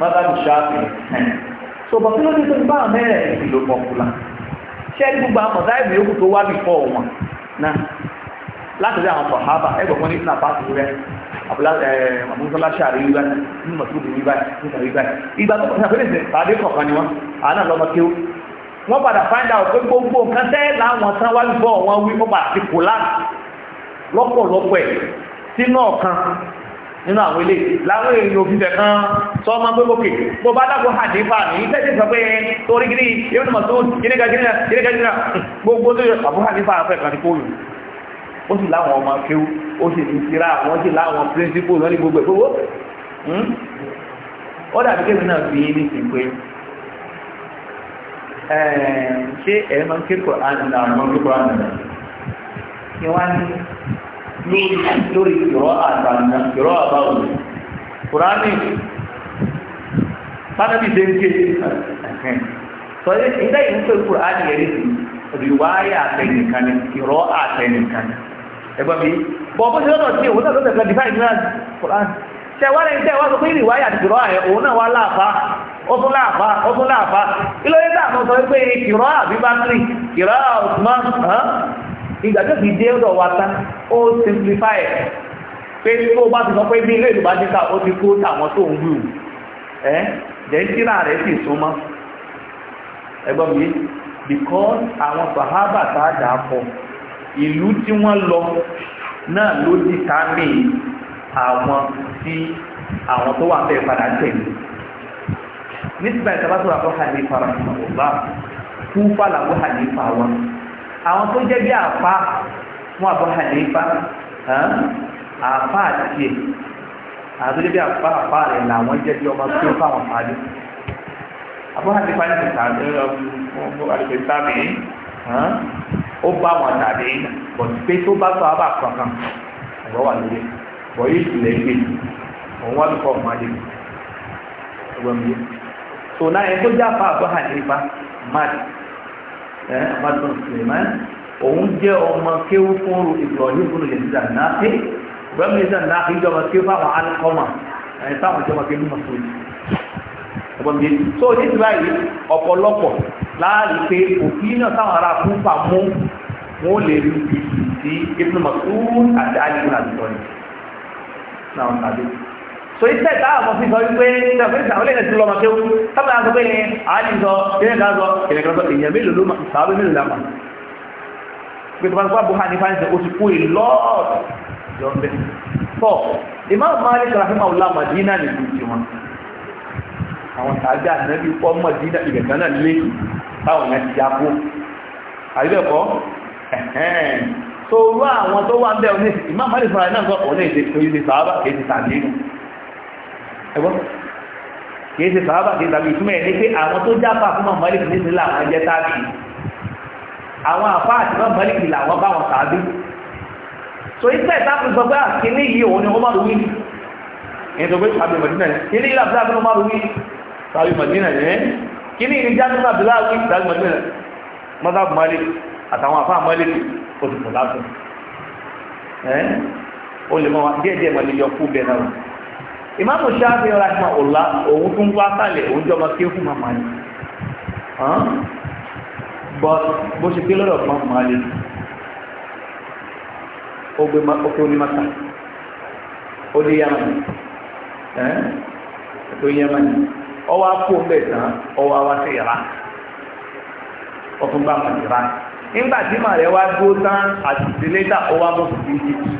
mọ́tàbù ṣáàpì sọ̀bọ̀ kí ló dé tó ń bá mẹ́rẹ̀ ìlò pọ̀kùlà ṣé ẹni gbogbo àwọn ọ̀dá ìbí yòókù tó wá bí fọ́ wọn náà láti rí àwọn sọ̀hábà ẹgbẹ̀ wọn ní ìfúnà pàṣẹ rẹ̀ àbúláṣà rí rí báyìí nínú mọ̀tòkù rí báyìí nígbà rí báyìí ìgbà tó kọ̀ọ̀kan wọ́n padà find out pé gbogbo nǹkan tẹ́ láwọn tán wá bí fọ́ wọn wí ó ti kò láti lọ́pọ̀lọpọ̀ ẹ̀ sínú ọ̀kan nínú àwọn ilé láwọn èèyàn òfin tẹ̀ kan sọ ọmọ pé lókè bó bá dákò hàdífà ní tẹ́jẹ́ sọ pé torí gírí ibùdó mọ̀ tó gírígàgírígà gbogbo tó yẹ àbú hàdífà fẹ́ kan ní kóòlù ó sì láwọn ọmọ kéwú ó sì ní síra àwọn sì láwọn píríncípù lọ́ní gbogbo ìgbówó hmm? ó dàbí kéwì náà fi ní sí pé ṣé ẹ̀rọ máa ń kékọ̀ọ́ àná àwọn ọmọ kékọ̀ọ́ àná lórí ìrọ́ àtàrà ìrọ́ àbáwò kùránì pátàbí ṣe ń ké sọ yẹ ìdá yìí ń pè kùránì yẹn nìyí rìwáyà àtẹnìkan ni ìrọ́ àtẹnìkan ni ẹgbọ́n mi bọ̀ bó ṣe lọ́dọ̀ sí òun náà ló tẹ̀sán divine náà kùránì tẹ̀wálẹ̀ ń tẹ̀wá sọ pé ìrìwáyà àti ìrọ́ àyẹ̀ òun náà wá láàfáà ọdún láàfá ọdún láàfá ilé ìgbà àwọn sọ pé ìgbà tó fi dé ọ̀dọ̀ wa tán ó simplify ẹ̀ pé tó bá ti sọ pé bí ilé ìlúbá díkà ó ti kó tàwọn tó ń wù ẹ́ dẹ́ńtírà rẹ̀ sì súnmọ́ ẹgbọ́n mi because àwọn sàhábà tá a dà pọ̀ ìlú tí wọ́n lọ náà ló di tàmí àwọn tí àwọn tó wà bẹ́ẹ̀ padà tẹ̀lé nítorí ìtàbátò àkọ́kà ní ìfarahàn ọ̀gbà kú fàlàwọ́ àdìfà wọn àwọn tó jẹ́ bí àpá wọn àbọ̀ àdéfà àpá àti ẹ̀ àwọn tó jẹ́ bí àpá àpá rẹ̀ làwọn jẹ́ bí ọmọ tó fáwọn pàdé àbọ̀ àdéfà ní ìtàgé ọmọ tàbí ó bá wọn tàbí bọ̀dé tó bá sọ àbá kankan ọ̀rọ̀ wà lórí bọ̀ yìí ìtìlẹ̀ gbé òun wá lùkọ́ ọ̀mọdé ọgbọ̀n mi so náà ẹ̀ tó jẹ́ àpá àbọ̀ àdéfà máa abadun suleiman òun jẹ́ ọmọ kéwú fún ibrahim fún lẹ́sìdá náàfi ibrahim lẹ́sìdá náàfi jọba kéwú fáwọn alikọ́mà ẹ̀ táwọn jọba kéwú mọ̀sùn ọ̀pọ̀lọpọ̀ tó ní ti báyìí ọ̀pọ̀lọpọ̀ láàrín pé òfin náà táwọn ará fún fà mú wọn lè rí ibi sí ibùdó mọ̀sùn àti alìkún àti tọ́ni náà tàbí torí tẹ́ táwọn ọmọ fi sọ wípé ṣàfihàn ìṣàwọn ilẹ̀ tí lọ́mọ tó sábà sọ pé ní àádìí sọ ilẹ̀ kan sọ ilẹ̀ kan sọ èèyàn mélòó ló máa sàábé mélòó lámà pé tọ́ba nípa buhari nípa ìṣẹ̀ oṣù kú ìlọ́ọ̀tì yọ̀ ọ́nbẹ́ tọ́ Imam Malik rahimah Allah Madina ní ìlú ti wọn àwọn sàájà nàbí pọ́ Madina ilẹ̀ kan náà lé táwọn yẹn ti yàgò àyẹ̀kọ́ so irú àwọn tó wà ń bẹ̀ Imam Malik rahimah Allah ọ̀nà ìṣèṣ ẹ̀gbọ́n kìí ṣe sàábà kìí tàbí ìtumọ̀ ẹ̀ ní pé àwọn tó jápa fún mọ̀ mọ́lìkì nísìnyí làwọn jẹ́ tábì àwọn àfa àti mọ̀ làwọn bá wọn tàbí so ìfẹ́ ìtàkùn sọ pé àkíní ah, yìí òun ni wọ́n máa wí ẹni tó gbé tàbí mọ̀dínà ní kíní ìlà àbúrà fún ọmọ wí tàbí mọ̀dínà ní kíní ìlú jáde àbúrà wí tàbí mọ̀dínà mọ́tà mọ́lìkì àtàwọn àfa mọ́lìkì ó ìmáàmù Ṣáfi'í rahima ọ̀la òun tún wá sálẹ̀ òun jọba kí ó fún màmá ni but bó ṣe pé lọ́dọ̀ fún màmá lè ó gbé ọkọ̀ onímọ̀ta ó dé yàmà ni tó yàmà ni ọwọ́ akó bẹ́ẹ̀ tán ọwọ́ awa sí ìrà ọkùnrin bá mọ̀ ìrà nígbà tí màrẹ́ wá dúró tán àti ìdílé dà ọwọ́ abọ́ fún ìdíjì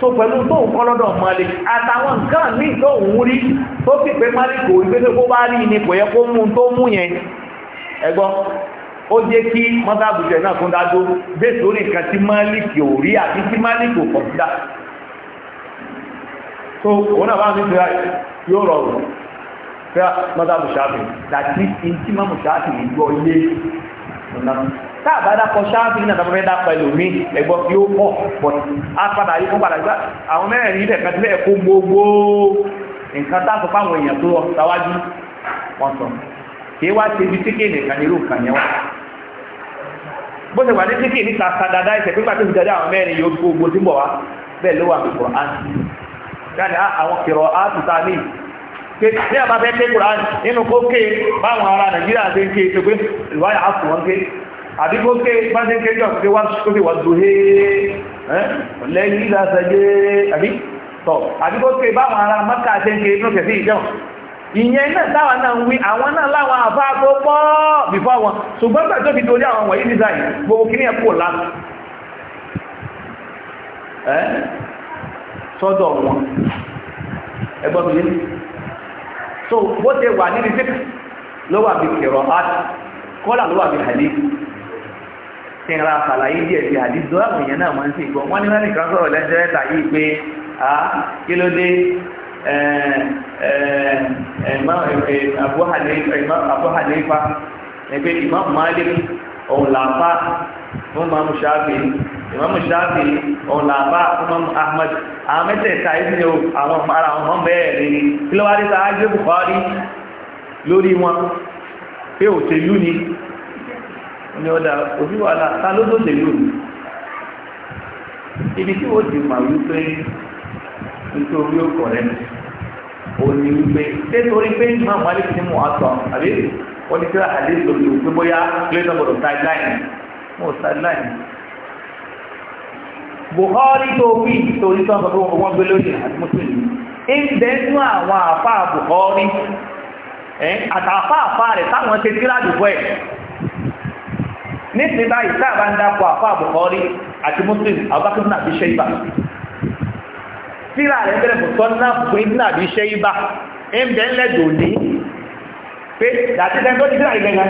tó pẹ̀lú tó ń kọ́ lọ́dọ̀ Malik àtàwọn nǹkan ní tó ń rí tó sì pé Malik kò rí pé tó bá rí ni kò yẹ kó mú tó mú yẹn ẹgbọ́n ó jẹ́ kí mọ́tàbùsẹ̀ náà tún dájú gbé sórí nǹkan tí Malik ò rí àti tí Malik ò kọ̀ dá so òun náà bá ń fi yóò rọrùn fẹ́ mọ́tàbùsẹ̀ àbẹ̀ dàtí ìtí mọ́tàbùsẹ̀ àbẹ̀ gbọ́ ilé ọ̀nà táàbá dákọ ṣáàfì náà tàbí dákọ ẹlòmí ẹgbọ́ tí ó pọ̀ pọ̀ apàdà yìí fún padà àwọn mẹ́rin ilẹ̀ kan ti fẹ́ kó gbogbo nǹkan táàkó fáwọn èèyàn tó lọ wọn sọ kí wá ṣe ibi tíkè nìkan ní irú nǹkan yẹn wá bó ṣe wà ní níta ẹsẹ̀ àwọn mẹ́rin yóò gbogbo tí ń bọ̀ wá bẹ́ẹ̀ ló wà ní àdígbò ké pé wá wà lẹ́yìn àbí tọ̀ ké mọ́ta inú ìjọ ìyẹn náà táwa náà ń wí àwọn náà láwọn bìfọ́ wọn ṣùgbọ́n gbà tó fi dorí àwọn wọ̀nyí gbogbo kí ní sọ́dọ̀ wọn ẹgbọ́n mi so bó ṣe wà níbi fíkì bí kẹrọ kọ́là bí kí n ra àfàlàyé díẹ̀ sí àdìsọ àwọn èèyàn náà máa ń sì gbọ́ wọ́n ní lẹ́nìkan sọ̀rọ̀ lẹ́jọ́ ẹ̀ta yìí pé a kí ló dé Abu Hanifa ẹgbẹ́ Imam Malik òun làbá fún Imam Shafi Imam Shafi òun làbá Ahmad àwọn mẹ́tẹ̀ẹ̀ta yìí ni àwọn ará àwọn ọmọ bẹ́ẹ̀ rí ni kí ní ọ̀dà òbí wàhálà ta ló lóde lónìí ibi tí ó ti mà wípé nítorí ó kọ̀ rẹ̀ ó ní wípé ṣé torí pé máa wà lẹ́sìn ní mọ̀ àtọ̀ àbí wọ́n ti tẹ́ àdé lórí òpin bóyá lẹ́sìn ọ̀gbọ̀dọ̀ sideline mọ̀ sideline. Bukhari tó wí torí tó ń sọ fún wọn gbé lónìí àti mùsùlùmí ìbẹ̀ nú àwọn àfáà Bukhari àtàfáàfáà rẹ̀ táwọn ṣe tíra dùbọ̀ ẹ̀ nísìnyí báyìí tá a bá ń dápọ̀ àfọ àbùkọ́rí àti muslim abubakar ibn abi shayba síra rẹ̀ bẹ̀rẹ̀ mùsọ́nà fún ibn abi shayba ń bẹ̀ ń lẹ́dọ̀ òní pé dàtí tẹ́ tó ti síra ìgbẹ̀ngà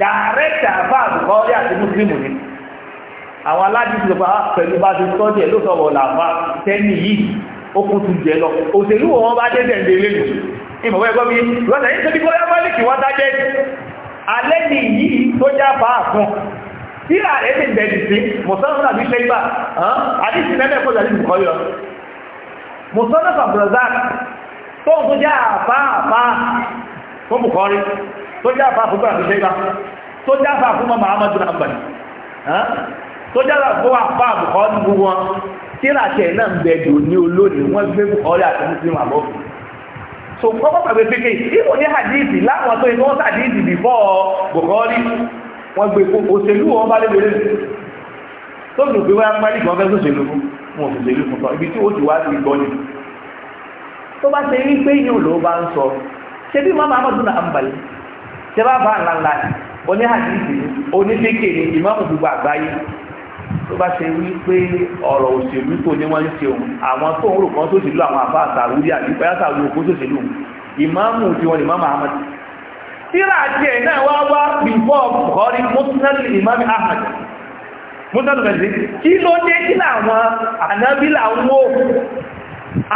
dàrẹ́tà àfọ àbùkọ́rí àti muslim ni àwọn aládìsí lọ́pàá ah, pẹ̀lú bá ti sọ́ díẹ̀ ló sọ̀rọ̀ làfà tẹ́ni yìí ó kún tún jẹ lọ òṣèlú wọn bá dé alẹ́ ni yìí tó já fàá fún tíra rẹ̀ ti bẹ̀rẹ̀ sí mùsọ́nà àbí lẹ́gbà àdìsí mẹ́mẹ́ kó jàdí ìkọ́ yọ mùsọ́nà fàbrazak tó ń tó já fàá fàá fún Bukhari tó já fàá fún àbí lẹ́gbà tó já fàá fún mọ́mọ́ amadu nàmbàlì tó já fàá fàá Bukhari gbogbo wọn tíra tẹ̀ náà bẹ̀rẹ̀ ní olóòdì wọ́n gbé Bukhari àti Muslim àbọ̀fún so kọ́kọ́ pàgbé fíkè ipò ní hadithi láwọn tó inú ọ́sà hadithi before Bukhari wọ́n gbé òṣèlú wọn bá lé tó pé wọ́n fún wọn òṣèlú fún ibi tí ó ti wá sí ni tó bá ṣe rí pé yóò bá ń sọ ṣe bí mama amadu na ambali ṣe bá bá oní hadithi oní ni tó bá ṣe wí pé ọ̀rọ̀ òṣèlú tó ní wọ́n ń ṣe òun àwọn tó ń rò kan tó ṣèlú àwọn àbá àtàwúrí àti pẹ́yàtà wo kó tó ṣèlú ìmáàmù tí wọ́n ìmáàmù Ahmad tíra àti ẹ̀ náà wá wá bìfọ́ buhari mọ́túnálì ìmáàmù Ahmad mọ́túnálì bẹ̀rẹ̀ kí ló dé kí làwọn ànábìlà ń wò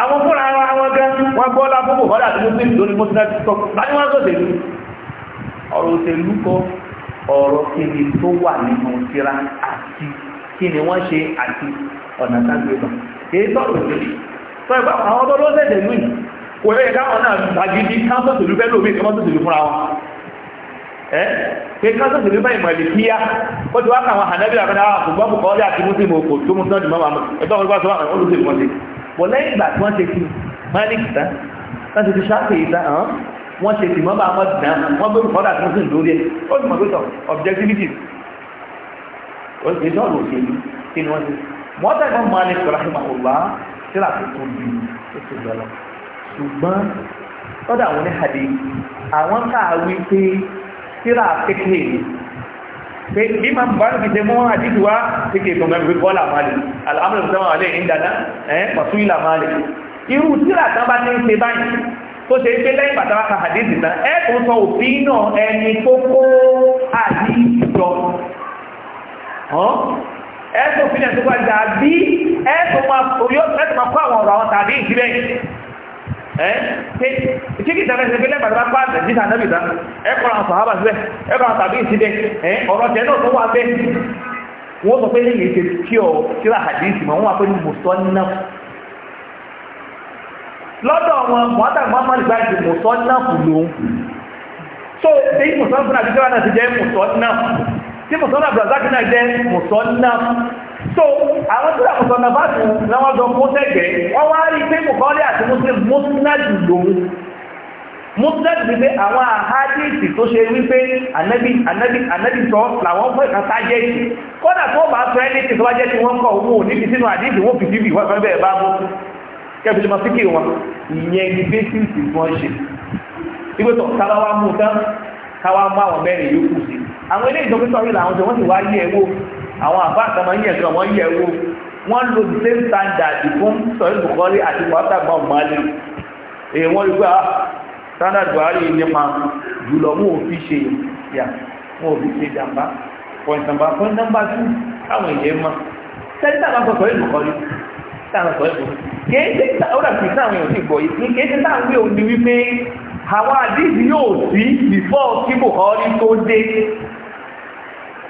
àwọn fúnra ara wọn gan wọn gbọ́ lábọ́ buhari àti mọ́túnálì lórí mọ́túnálì tó láti wọ́n sọ̀tẹ̀lú ọ̀rọ̀ òṣèlú kọ ọ̀rọ̀ tó kí ni wọ́n ṣe àti ọ̀nà tágbégbà èyí tọ́rọ òṣèlú tọ́ ìgbà àwọn tó lọ́sẹ̀ tẹ̀lú yìí kò lẹ́yẹ káwọn náà gbàgidi káńsọ̀tẹ̀lú fẹ́ lómi káńsọ̀tẹ̀lú fúnra wọn ẹ́ pé káńsọ̀tẹ̀lú bá ìmọ̀lẹ̀ kíyá ó ti wá káwọn hànẹ́bí wọ́n ti dọ́ọ̀lù òṣèlú kí ni wọ́n ti mọ́tà ìmọ̀ malik rahimahullah sílà tó tóbi tó tóbi lọ ṣùgbọ́n lọ́dọ̀ àwọn oníhàdí àwọn káàwé pé sílà kékeré ni pé bí máa ń bá ní ìdè mọ́ àdídù wá kékeré tó mẹ́rin wípé ọ̀là malik alhamdulilayi sọ́wọ́n alẹ́ ìdáná ẹ̀ pàtó ìlà malik irú sílà kan bá ní ń ṣe báyìí tó ṣe pé lẹ́yìn pàtàkì ka náà ẹ̀ tó sọ òfin náà ẹni tó kó jọ ẹ̀sùn fi ẹ̀sùn gba dàbí ẹ̀sùn máa kó àwọn ọ̀rọ̀ àwọn tàbí ìsílẹ̀ ẹ́ kí kìí tẹ́lẹ̀ ṣẹgbẹ́lẹ́ bàtàbà pa àtẹ̀jíta nẹ́bìtá ẹ̀kọ́ àwọn sàhábà sílẹ̀ ẹ̀kọ́ àwọn tàbí ìsílẹ̀ ẹ́ ọ̀rọ̀ tẹ́ náà tó wà bẹ́ẹ̀ wọ́n sọ pé ní èyí ṣe kí ọ kíra àdíìsì mọ̀ wọ́n wà pé ní mùsọ́ náà lọ́dọ̀ wọn mọ́tà mọ́mọ́ nígbà tí mùsọ́ náà kù lóhun so èyí mùsọ́ náà fún àdíjọ́ náà ti jẹ́ mùsọ́ náà tí mùsọ́nà brazil náà jẹ́ mùsọ́nà so àwọn tí wọ́n mùsọ́nà bá tún láwọn jọ mú tẹ́gbẹ̀ẹ́ wọ́n wá rí pé mùkọ́lé àti muslim mùsùlùmí lòun mùsùlùmí ti pé àwọn àhádìsì tó ṣe wípé ànábì ànábì ànábì sọ làwọn fún ìkan sájẹ́ yìí kódà tó bá fẹ́ ní ti tó bá jẹ́ tí wọ́n kọ̀ owó níbi sínú àdìsì wọ́n fi bíbí wọ́n fẹ́ bá mú kẹfìlì máa fíkì wọn ìyẹn ní bẹ́sìsì wọ́n ṣe ìgbésọ̀ káwá mú tán káwá mú àwọn mẹ́rin yókù àwọn ilé ìjọba tó rí làwọn jọ wọ́n sì wá yẹ̀ wò àwọn àbá kan máa ń yẹ̀ kan wọ́n yẹ̀ wò wọ́n lo the same standard fún sọ̀rọ̀ bùkọ́lé àti wàhálà gbọ́n mọ́lẹ̀ èyí wọ́n rí pé ah standard buhari nípa jùlọ wọn ò fi ṣe yà wọn ò fi ṣe jàmbá point number point number two káwọn èèyàn mọ sẹ́ńtà máa sọ sọ̀rọ̀ bùkọ́lé táwọn sọ̀rọ̀ bùkọ́lé kéèké ọ̀rọ̀ àti táwọn èèyàn ti gbọ́ yìí kéèké táwọn wí òun ni wípé àwọn àdìsí yóò sí before kí bùkọ́lé tó dé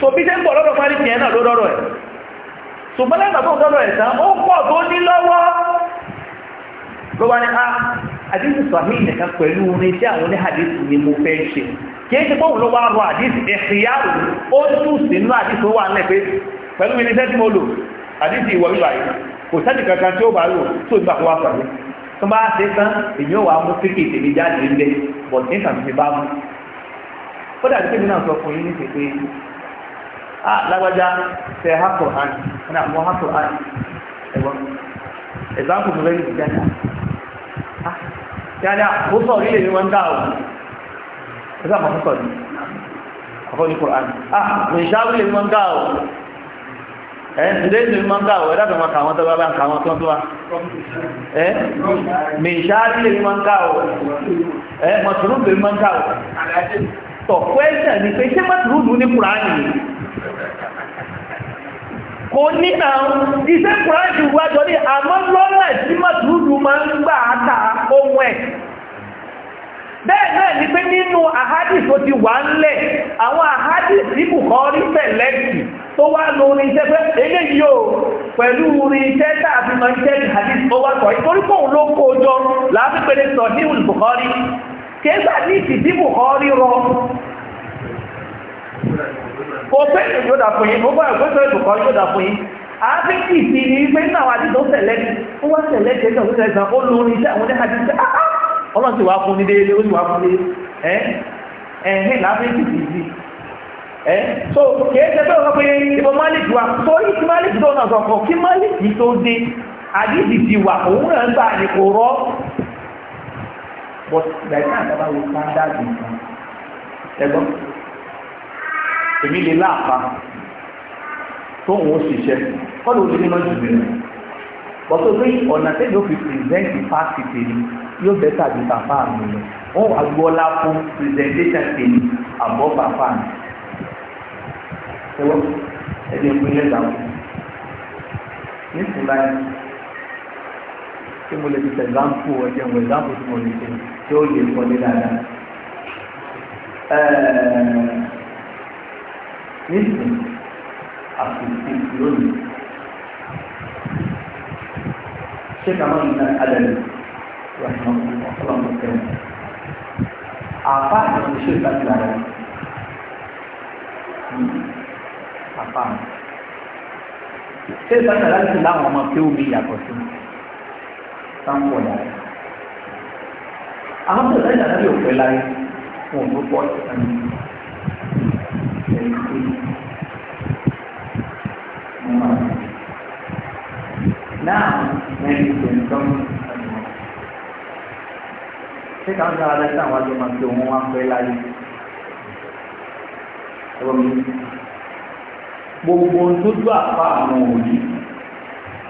so bí ṣe ń bọ̀ lọ́dọ̀ fárí tiẹ̀ náà ló dọ́rọ̀ ẹ̀ ṣùgbọ́n lẹ́gbà tó dọ́rọ̀ ẹ̀ tán ó pọ̀ tó ní lọ́wọ́ ló wá ní a ah, àdíṣù sàmì ìnìkan pẹ̀lú orin tí àwọn ni mo fẹ́ ṣe kí é ṣe pọ́ ló wá rọ àdíṣù ẹ̀fìyàwó ó tún sí inú àdíṣù wà pẹ̀lú tí mo lò ìwọ̀ yìí kò kankan tí ó bá lò tó ìgbà wá pẹ̀lú ah lágbájá tẹ ha Quran ẹ̀nà àwọn ha Quran ẹ̀wọ́ example mo lẹ́yìn ìjáde ah yáda ó sọ orílẹ̀ èdè wọn dá o ẹ̀sà mọ̀ sọ̀rọ̀ àkọ́ ní Quran ah mo ìṣá orílẹ̀ èdè wọn dá o ẹ̀ ǹdẹ́ ìṣẹ́ wọn dá o ẹ̀dá tó máa kà wọ́n tó bá bá ń kà wọ́n tó tó wá ẹ̀ mi tọ̀ kwẹ́sẹ̀ ni pé ṣé mọ́tò rúdù ní kùránì kò ní àwọn iṣẹ́ kùránì wájọ ní àmọ́ lọ́lẹ̀ tí mọ́tò rúdù máa ń gbà àtà ohun ẹ̀ bẹ́ẹ̀ náà ni pé nínú àhádì tó ti wà ńlẹ̀ àwọn àhádì tí Bukhari pẹ̀lẹ́kì tó wá lo orin iṣẹ́ pé eléyìí o pẹ̀lú orin iṣẹ́ tàbí máa ń tẹ́lẹ̀ àdìsí ó wá sọ ìtorí pòun ló kó jọ láàbí pẹ̀lẹ́ ní Bukhari kéésà ní ìtìdíbò kan ríro kò sẹ́yìn fún yín mo bá ẹ̀kọ́ sẹ́yìn fún yín àáfíì fi ah, ah! ní pé ní náà tó but by time bàbá wo standard nǹkan ẹgbọ́n èmi lè láàpá tó ń ṣiṣẹ́ kọ́dù òní nínú ìjùmọ̀ rẹ̀ bọ́tò pé ọ̀nà tẹ́lẹ̀ ó fi present fásitì tèmi yóò bẹ́ tàbí bàbá mi lọ wọ́n wá gbọ́ lápò presentation tèmi àbọ̀ bàbá mi ẹgbọ́n ẹni ìpínlẹ̀ làwọn ní ìsìn báyìí tí mo lè fi tẹ̀lé láǹpù ọjọ́ ìwé láǹpù tí mo lè tẹ̀lé tí ó yẹ kọ́lé dáadáa. nísìnyí àfìsí lónìí ṣé kàmá yìí náà alẹ́ lò wà ní ọlọ́run tẹ̀wọ̀n. àpá àti ṣé ìtàkì lára àpá ṣé ìtàkì lára ti láwọn ọmọ tí yàtọ̀ sí sáńpọ̀ yàrá àwọn tó lẹ́yìn àti òfẹ́ láyé wọn ló pọ̀ ẹ̀mí náà mẹ́rin ìgbẹ̀rún tó ń ṣe káwọn sára lẹ́sẹ̀ àwọn àjọ máa ń pè wọ́n wá pẹ́ láyé ẹ̀rọ mi gbogbo ohun tó dún àpá àwọn òbí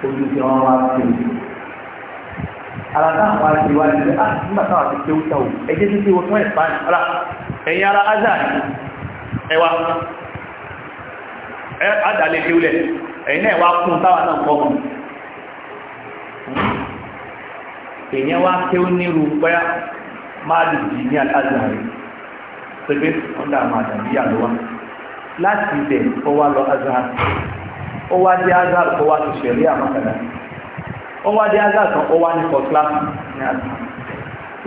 ojú tí wọ́n wá pè é ara náà wá sí wá nílé á ah, nígbà táwọn ti kéwú tàwò ẹjẹ́ títí wo fún ẹ̀fà ní ọ̀rá ẹ̀yìn ara azari ẹwà adàlẹ̀ kéwúlẹ̀ ẹ̀yìn náà wá kún táwọn náà kọ́ wọn èyàn wá kéwú nílùú pẹ́ máa dìbì ní azari pépé ọ̀dà máa dàbí àlọ́wà láti ibẹ̀ ó wá lọ azari ó wá wọ́n wá dé ágà kan ó wá ní for class ní ágà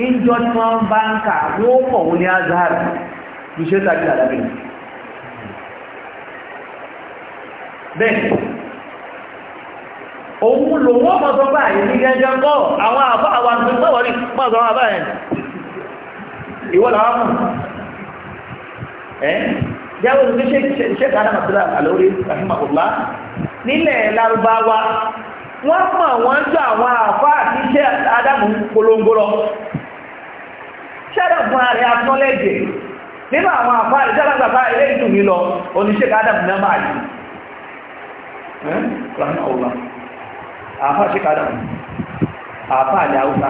ìjọ tí wọ́n bá ń kà wọ́n pọ̀ wọ́n ní ágà rẹ̀ kì í ṣe tàbí àdábì bẹ́ẹ̀ òun lò wọ́n mọ̀ sọ pé àyè ní gẹ́gẹ́ kọ́ àwọn àbá àwọn àti mọ́wọ́rí mọ́ sọ àbá yẹn ìwọ́n làwọn mọ̀ ẹ́ jáwé ní ṣe kàdá màtúrà àlórí rahimahullah nílẹ̀ lárúbáwá wọ́n mọ̀ wọ́n jọ àwọn àfá àti iṣẹ́ adámù polongo lọ ṣẹ́dọ̀ fún ààrẹ afúnlẹ́jẹ̀ nínú àwọn àfá àti iṣẹ́ alágbàfá ilé ìtù mi lọ oníṣẹ́ adámù nọ́mbà yìí àfá ṣe adámù àfá àlẹ́ haúsá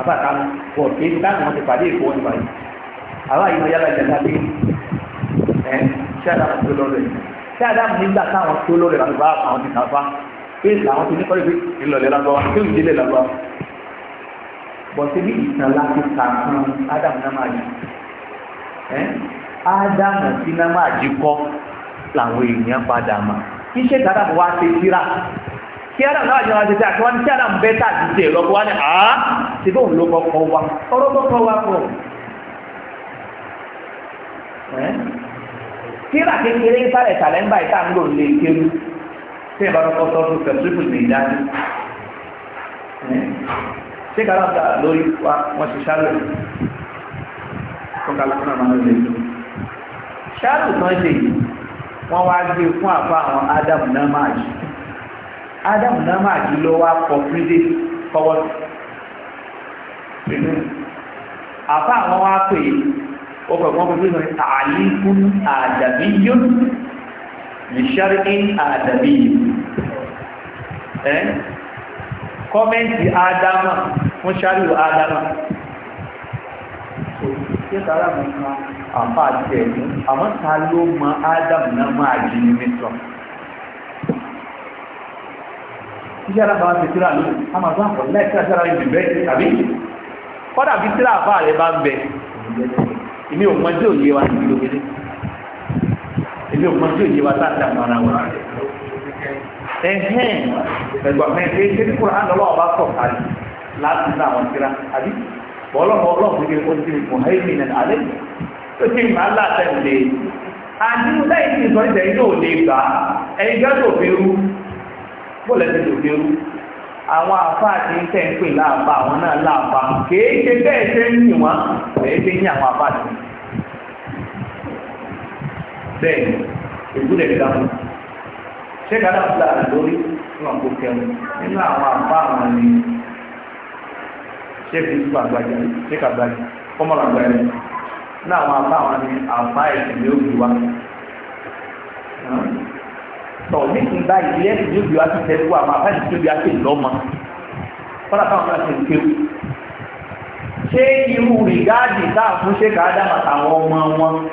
àfá àkánú pọ̀ kí dáàmù wọn ti pàdé èkó wọn nípa yìí àfá yìí wọn yára jẹ̀dá bí ṣẹ́dọ̀ fún tó lọ́rẹ̀ ṣẹ́dọ̀ nígbà pé làwọn ti ní kọ́lé pé ìlọ̀lẹ̀ lágbàwá pé ìdílé lágbàwá bọ̀tí ní ìtàn láti kàkan ádámù náà máa yí ádámù tí náà máa jí kọ́ làwọn èèyàn padà mà kí ṣe kí ádámù wá ṣe síra kí ádámù náà jẹun àṣẹṣẹ àti wọn ní kí ádámù bẹ́ẹ̀ tà ti tẹ̀ lọ́kọ́ wá ní à ṣe bóun ló tí ìbá kọ́kọ́ sọ fún pẹ̀lú ní ìdájú tí kàlọ́ta lórí wa wọ́n ti ṣálò fún kàlọ́kùnà máa ń lè lò ṣálò tán ṣe wọ́n wá gbé fún àfa àwọn Adam namaj Adam namaj ló wá kọ fúrídé kọ́wọ́ àfa àwọn wá pè é ó kọ̀ wọ́n fún mi àlékún àdàbíyó ìṣẹ́rin àdàbí eh? kọ́mẹ́ntì adama fún ṣáríwò adama àfáàtẹ̀ àmọ́ ta ló mọ adam náà máa jí ní mẹ́tọ̀ iṣẹ́ alábàá ti tíra ní amazon àpọ̀ lẹ́ẹ̀kí àti ara ìbí bẹ́ẹ̀ tàbí kọ́dà bí tíra àfáà rẹ̀ bá ń bẹ ìmí ò mọ́ tí ò yé ilé ọmọ tí òye wa tá a dà mọ́ ara wa. ẹ̀hẹ́n ẹ̀gbọ́n mi ẹ̀ ṣe kúrò á lọ́wọ́ ọba kọ̀ kálí láti ní àwọn tira àbí bọ́lọ́mọ ọlọ́run ní o ti mọ̀ ẹ́ mi nàá alẹ́ tó ti mọ̀ á látẹ̀lé. àdínú lẹ́yìn tí ìsọ̀rí tẹ̀yìn náà lè gbà ẹ̀yin gbọ́dọ̀ fi rú bọ́ọ̀lù ẹ̀ àwọn àfáà tí ń tẹ̀ ń pè láàbà àwọn náà láàbà kèé bẹ́ẹ̀ ṣe ń yìn wọ́n kèé ṣe ń yìn àwọn àfáà tí ń bẹ́ẹ̀ ìgbúdẹ̀ ìgbà mú ṣé kàdá fúlà lórí fún àpò kẹmu nínú àwọn àbá àwọn ni ṣé fi fún àgbàjá ṣé kàgbàjá kọ́mọ̀lá àgbàjá nínú àwọn àbá àwọn ni àbá ẹ̀sìn ló bí wa tọ̀ nítorí báyìí ẹ̀sìn ló bí wa ti tẹ́kù àwọn àbá ẹ̀sìn ló bí wa ti lọ́mọ fọ́nà táwọn náà ti ń kéwù ṣé irú rìgáàdì táà fún ṣé kàdá àtàwọn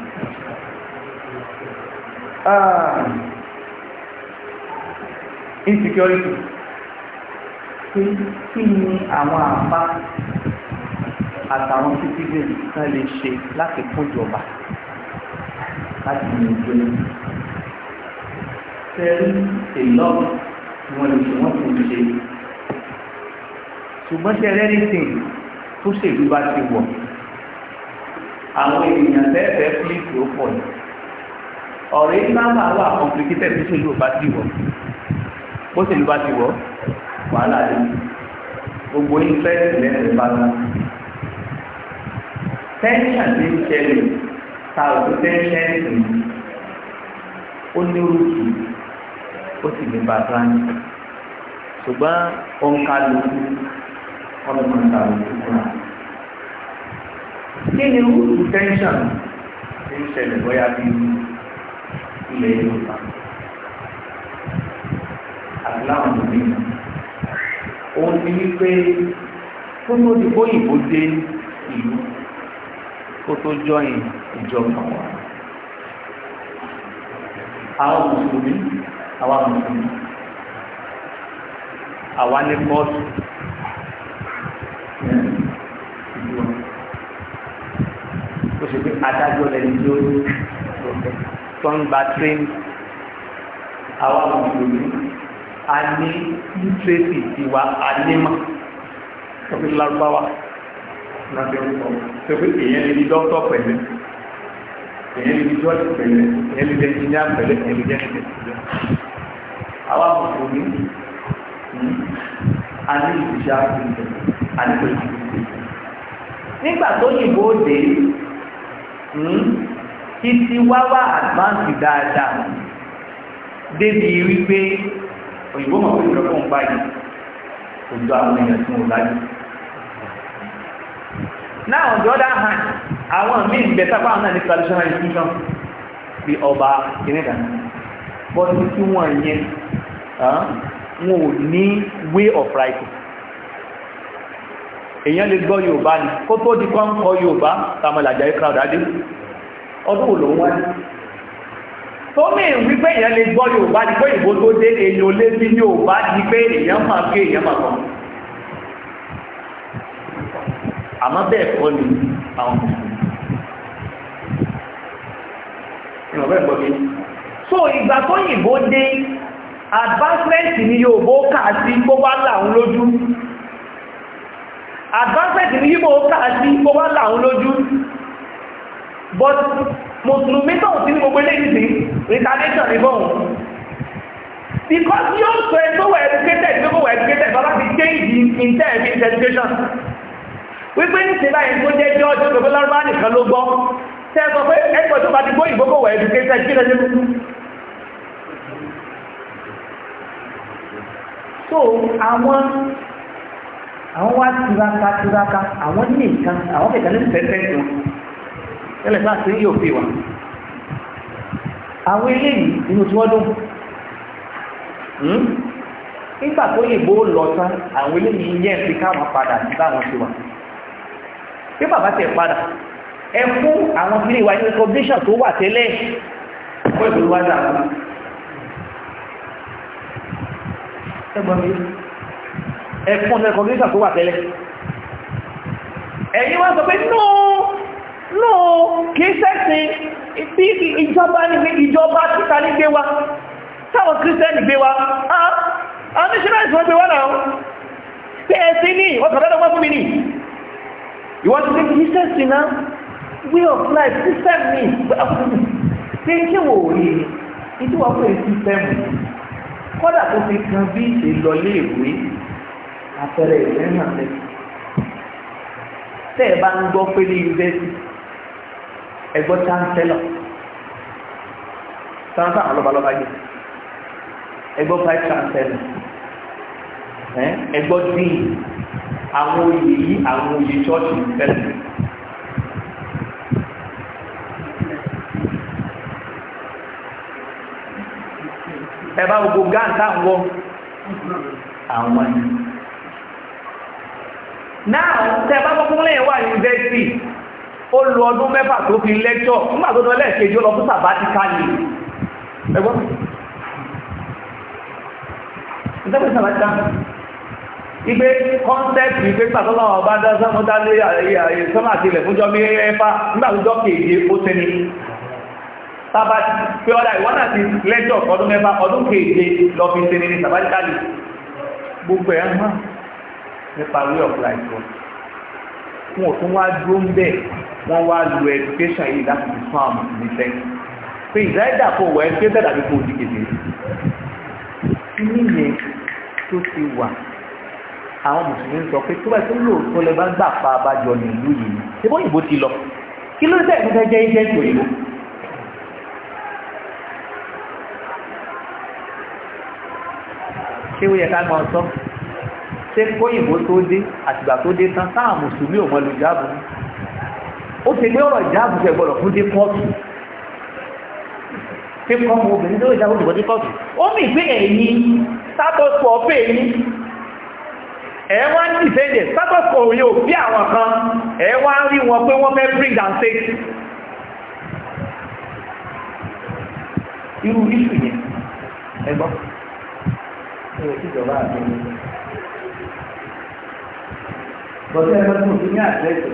Ah, insecurity pé kí ni àwọn àpá àtàwọn citizen kan lè ṣe láti fún ìjọba láti ní ìjọ ní tẹ́rí èlọ́ wọn lè ṣe wọ́n tún ṣe ṣùgbọ́n ṣe rẹ́rìsìn tó ṣèlú bá ti wọ̀ àwọn èèyàn fẹ́ẹ́ fẹ́ẹ́ fílíìtì ó pọ̀ yìí ọ̀rẹ́ ńlá máa wà complicated tó ṣèlú bá ti wọ̀ bó ṣèlú bá ti wọ̀ wàhálà lè gbogbo interest lẹ́sẹ̀ bá lọ. tension ti ń ṣẹlẹ̀ ta ò tó tension sí ó ní orúkú ó sì ní background ṣùgbọ́n òǹkàlùkù ọlọ́mọ ìkàlùkù kúrò. kí ni orúkú tension ti ń ṣẹlẹ̀ bóyá bí i ilé ìjọba àti láwọn ìlú mìíràn òun ti ní pé tó tó di bóyìnbó dé ìlú kó tó jọyìn ìjọba wa àwọn mùsùlùmí àwa mùsùlùmí àwa ní kóòtù ó ṣe pé adájọ́ lẹni lọ́kẹ́ tó ń gba tírénì àwọn òṣèlú a ní ìtírẹ́sì tiwa anímọ̀ tọ́pẹ́ lárúbáwá náà fi ń sọ tọ́pẹ́ èèyàn lè di dọ́tọ̀ pẹ̀lú èèyàn lè di jọ́ọ̀tì pẹ̀lú èèyàn lè di ẹnjìníà pẹ̀lú èèyàn lè di ẹnjìníà pẹ̀lú àwọn òṣèlú a ní ìṣiṣẹ́ àgbẹ̀jẹ̀ a ní nígbà tó yìnbó dé hmm, títí wá wá àdváǹsì dáadáa débi wípé òyìnbó mọ̀ pé ìjọba ń báyìí kò jọ àwọn èèyàn tí wọ́n láyé. náà on the other hand àwọn míì ń bẹ sábà náà ní traditional institution bí ọba kìnìkan bọ́sí tí wọ́n yẹn ah, wọn ò ní way of writing èèyàn lè gbọ́ yorùbá ni kó tó di kọ́ ń kọ yorùbá tàmàlàjà ikra ọ̀dádé ọdún wò ló ń tó mí wípé èèyàn lè gbọ́ yorùbá di pé ìbò tó dé èèyàn ò lé sí yorùbá di pé èèyàn máa gé ni àwọn so ìgbà tó yìnbó dé advancement ni yorùbá kà sí kó bá làwọn lójú advancement ni yorùbá kà sí kó bá but mùsùlùmí tó ń sí ní gbogbo eléyìí sí retaliation ní bọ́ọ̀n because yóò sọ ẹ tó wà educated tó wà educated bọ́lá ti change in term in education wípé ní ṣe báyìí tó jẹ́ jọ́ ọjọ́ gbogbo lárúbá nìkan ló gbọ́ tẹ́ sọ pé ẹgbẹ́ tó bá ti gbọ́ ìgbókò wà educated kí lọ́jọ́ so àwọn àwọn wá tiraka tiraka àwọn ní nǹkan àwọn kẹ̀kẹ́ ní tẹ́tẹ́ wọn tẹ́lẹ̀ bá sí yóò fi wà àwọn eléyìí inú tí wọ́n dùn hmm? nígbà tó yìnbó lọ tán àwọn eléyìí yẹn ti káwọn padà sí báwọn ti wà bí bàbá tẹ̀ padà ẹ fún àwọn fílì wa ní recommendation tó wà tẹ́lẹ̀ fún ìlú wa dà wọn ẹgbọ́n mi ẹ fún recommendation tó wà tẹ́lẹ̀ ẹ̀yin wá sọ pé nóò no kìí sẹ́sìn bí ìjọba ní ìjọba títà ní gbé wa táwọn kírísítẹ́nì gbé wa a ní ṣílẹ̀ ìsìn wọ́n gbé wá náà pé ẹ̀sì ní ọ̀sọ̀dọ́dọ̀ wọ́n fún mi ní ìwọ́n ti kìí sẹ́sìn náà way of life system ní pé kí wò rí ìdí wọ́n system kọ́dà tó fi kan bí ìlọlé ìwé àpẹẹrẹ ìlẹ́nà tẹ́ tẹ́ ẹ bá ń gbọ́ pé ní yunifásitì ẹgbọ́ chancellor chancellor àwọn lọ́balọ́ba yìí ẹgbọ́ five chancellor ẹgbọ́ dean àwọn oyè yìí àwọn oyè chọ́ọ̀chì fẹ́lẹ̀. ẹ bá gbogbo gáǹtà ń wọ àwọn ẹni. náà tẹ bá gbogbo lẹ́yìn wà yunifásitì ó lo ọdún mẹ́fà tó fi lẹ́jọ́ nígbà tó lọ lẹ́ẹ̀kejì ó lọ fún sàbátíkálì ẹgbọ́n ìtẹ́kùn sàbátíkà ìgbé kọ́ńtẹ́ẹ̀tì ìgbé pàtọ́lọ́ ọba dáṣọ́mọ́ dálé sọ́mà àti ilẹ̀ fúnjọ́ mẹ́fà nígbà tó jọ kéje ó tẹ́ni sábà pé ọ̀dà ìwọ́n náà ti lẹ́jọ́ ọdún mẹ́fà ọdún kéje lọ fi tẹ́ni ní sàbátíkálì gbogbo ẹ̀ ń hàn nípa way of life wọn ò tún wá dúró ń bẹ́ẹ̀ wọ́n wá lu education yìí láti fi fún àwọn mùsùlùmí sẹ́yìn pé ìdáyẹ̀dà kò wọ ẹgbẹ́ bẹ́ẹ̀ dàbí kò di kejì níyẹn tó ti wà àwọn mùsùlùmí sọ pé tó bá tó lóòótọ́ lẹ bá gbà pa abájọ nílùú yìí ṣé bó òyìnbó ti lọ kí ló dé ìfúnfẹ́ jẹ́ iṣẹ́ ti òyìnbó. ṣé ó yẹ ká gbọ́n sọ ṣé kóyìnbó tó dé àtìgbà tó dé tán táwọn mùsùlùmí ò mọ lùjáàbù ni ó ti gbé ọ̀rọ̀ ìjáàbù fẹ́ gbọ́dọ̀ fún dé kóòtù pé kọ́ mọ obìnrin tó ìjáàbù fẹ́ dé kóòtù ó mì pé ẹ̀yìn status quo pé ní ẹ̀ wá ní ìfẹ́jẹ̀ status quo yóò bí àwọn kan ẹ̀ wá rí wọn pé wọ́n fẹ́ bring and take irú iṣu yẹn ẹgbọ́n ẹ̀rọ ìjọba àti ẹgbẹ́ bọ́tẹ́ ẹgbẹ́ tó ti ní àtẹ́sì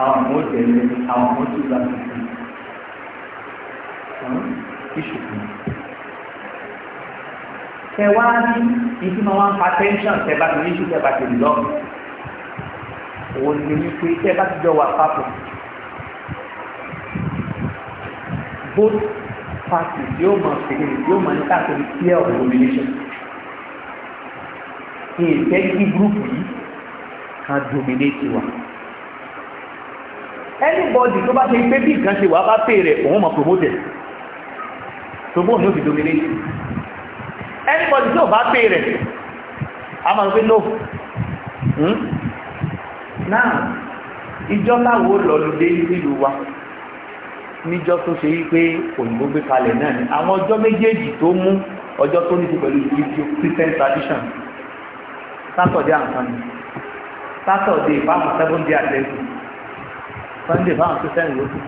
àwọn ọmọ òjò ẹ̀lẹ́ àwọn ọmọ òjò ìgbà tuntun ìṣùkú. Ṣé wá ní ìtumọ̀ wọn pa tẹ́ńṣọ̀n tẹ́ bá ti ní ìṣùkú ẹ̀ bá ti lọ? Òun ni mi pé tẹ́ bá ti jọ wà papọ̀. Both parties yóò mọ̀ sílẹ̀ yóò mọ̀ ní káàkiri clear of domination. Ìfẹ́ kí gúrúùpù yìí kan dominate wa anybody tó bá ṣe pé bí nǹkan ṣe wà bá pè rẹ̀ òun mọ̀ promote ẹ̀ promote ní ó fi dominate anybody tó bá pè rẹ̀ a máa pé no hmm? now ìjọ táwo lọ́lùdé nílùú wa níjọ́ tó ṣe wípé òyìnbó gbé kalẹ̀ náà ni àwọn ọjọ́ méjèèjì tó mú ọjọ́ tó ní ti pẹ̀lú ìdíjú Christian tradition Saturday àǹkan ni Saturday ìbámu seven day àtẹ̀sùn sunday fáwọn kristian yòókù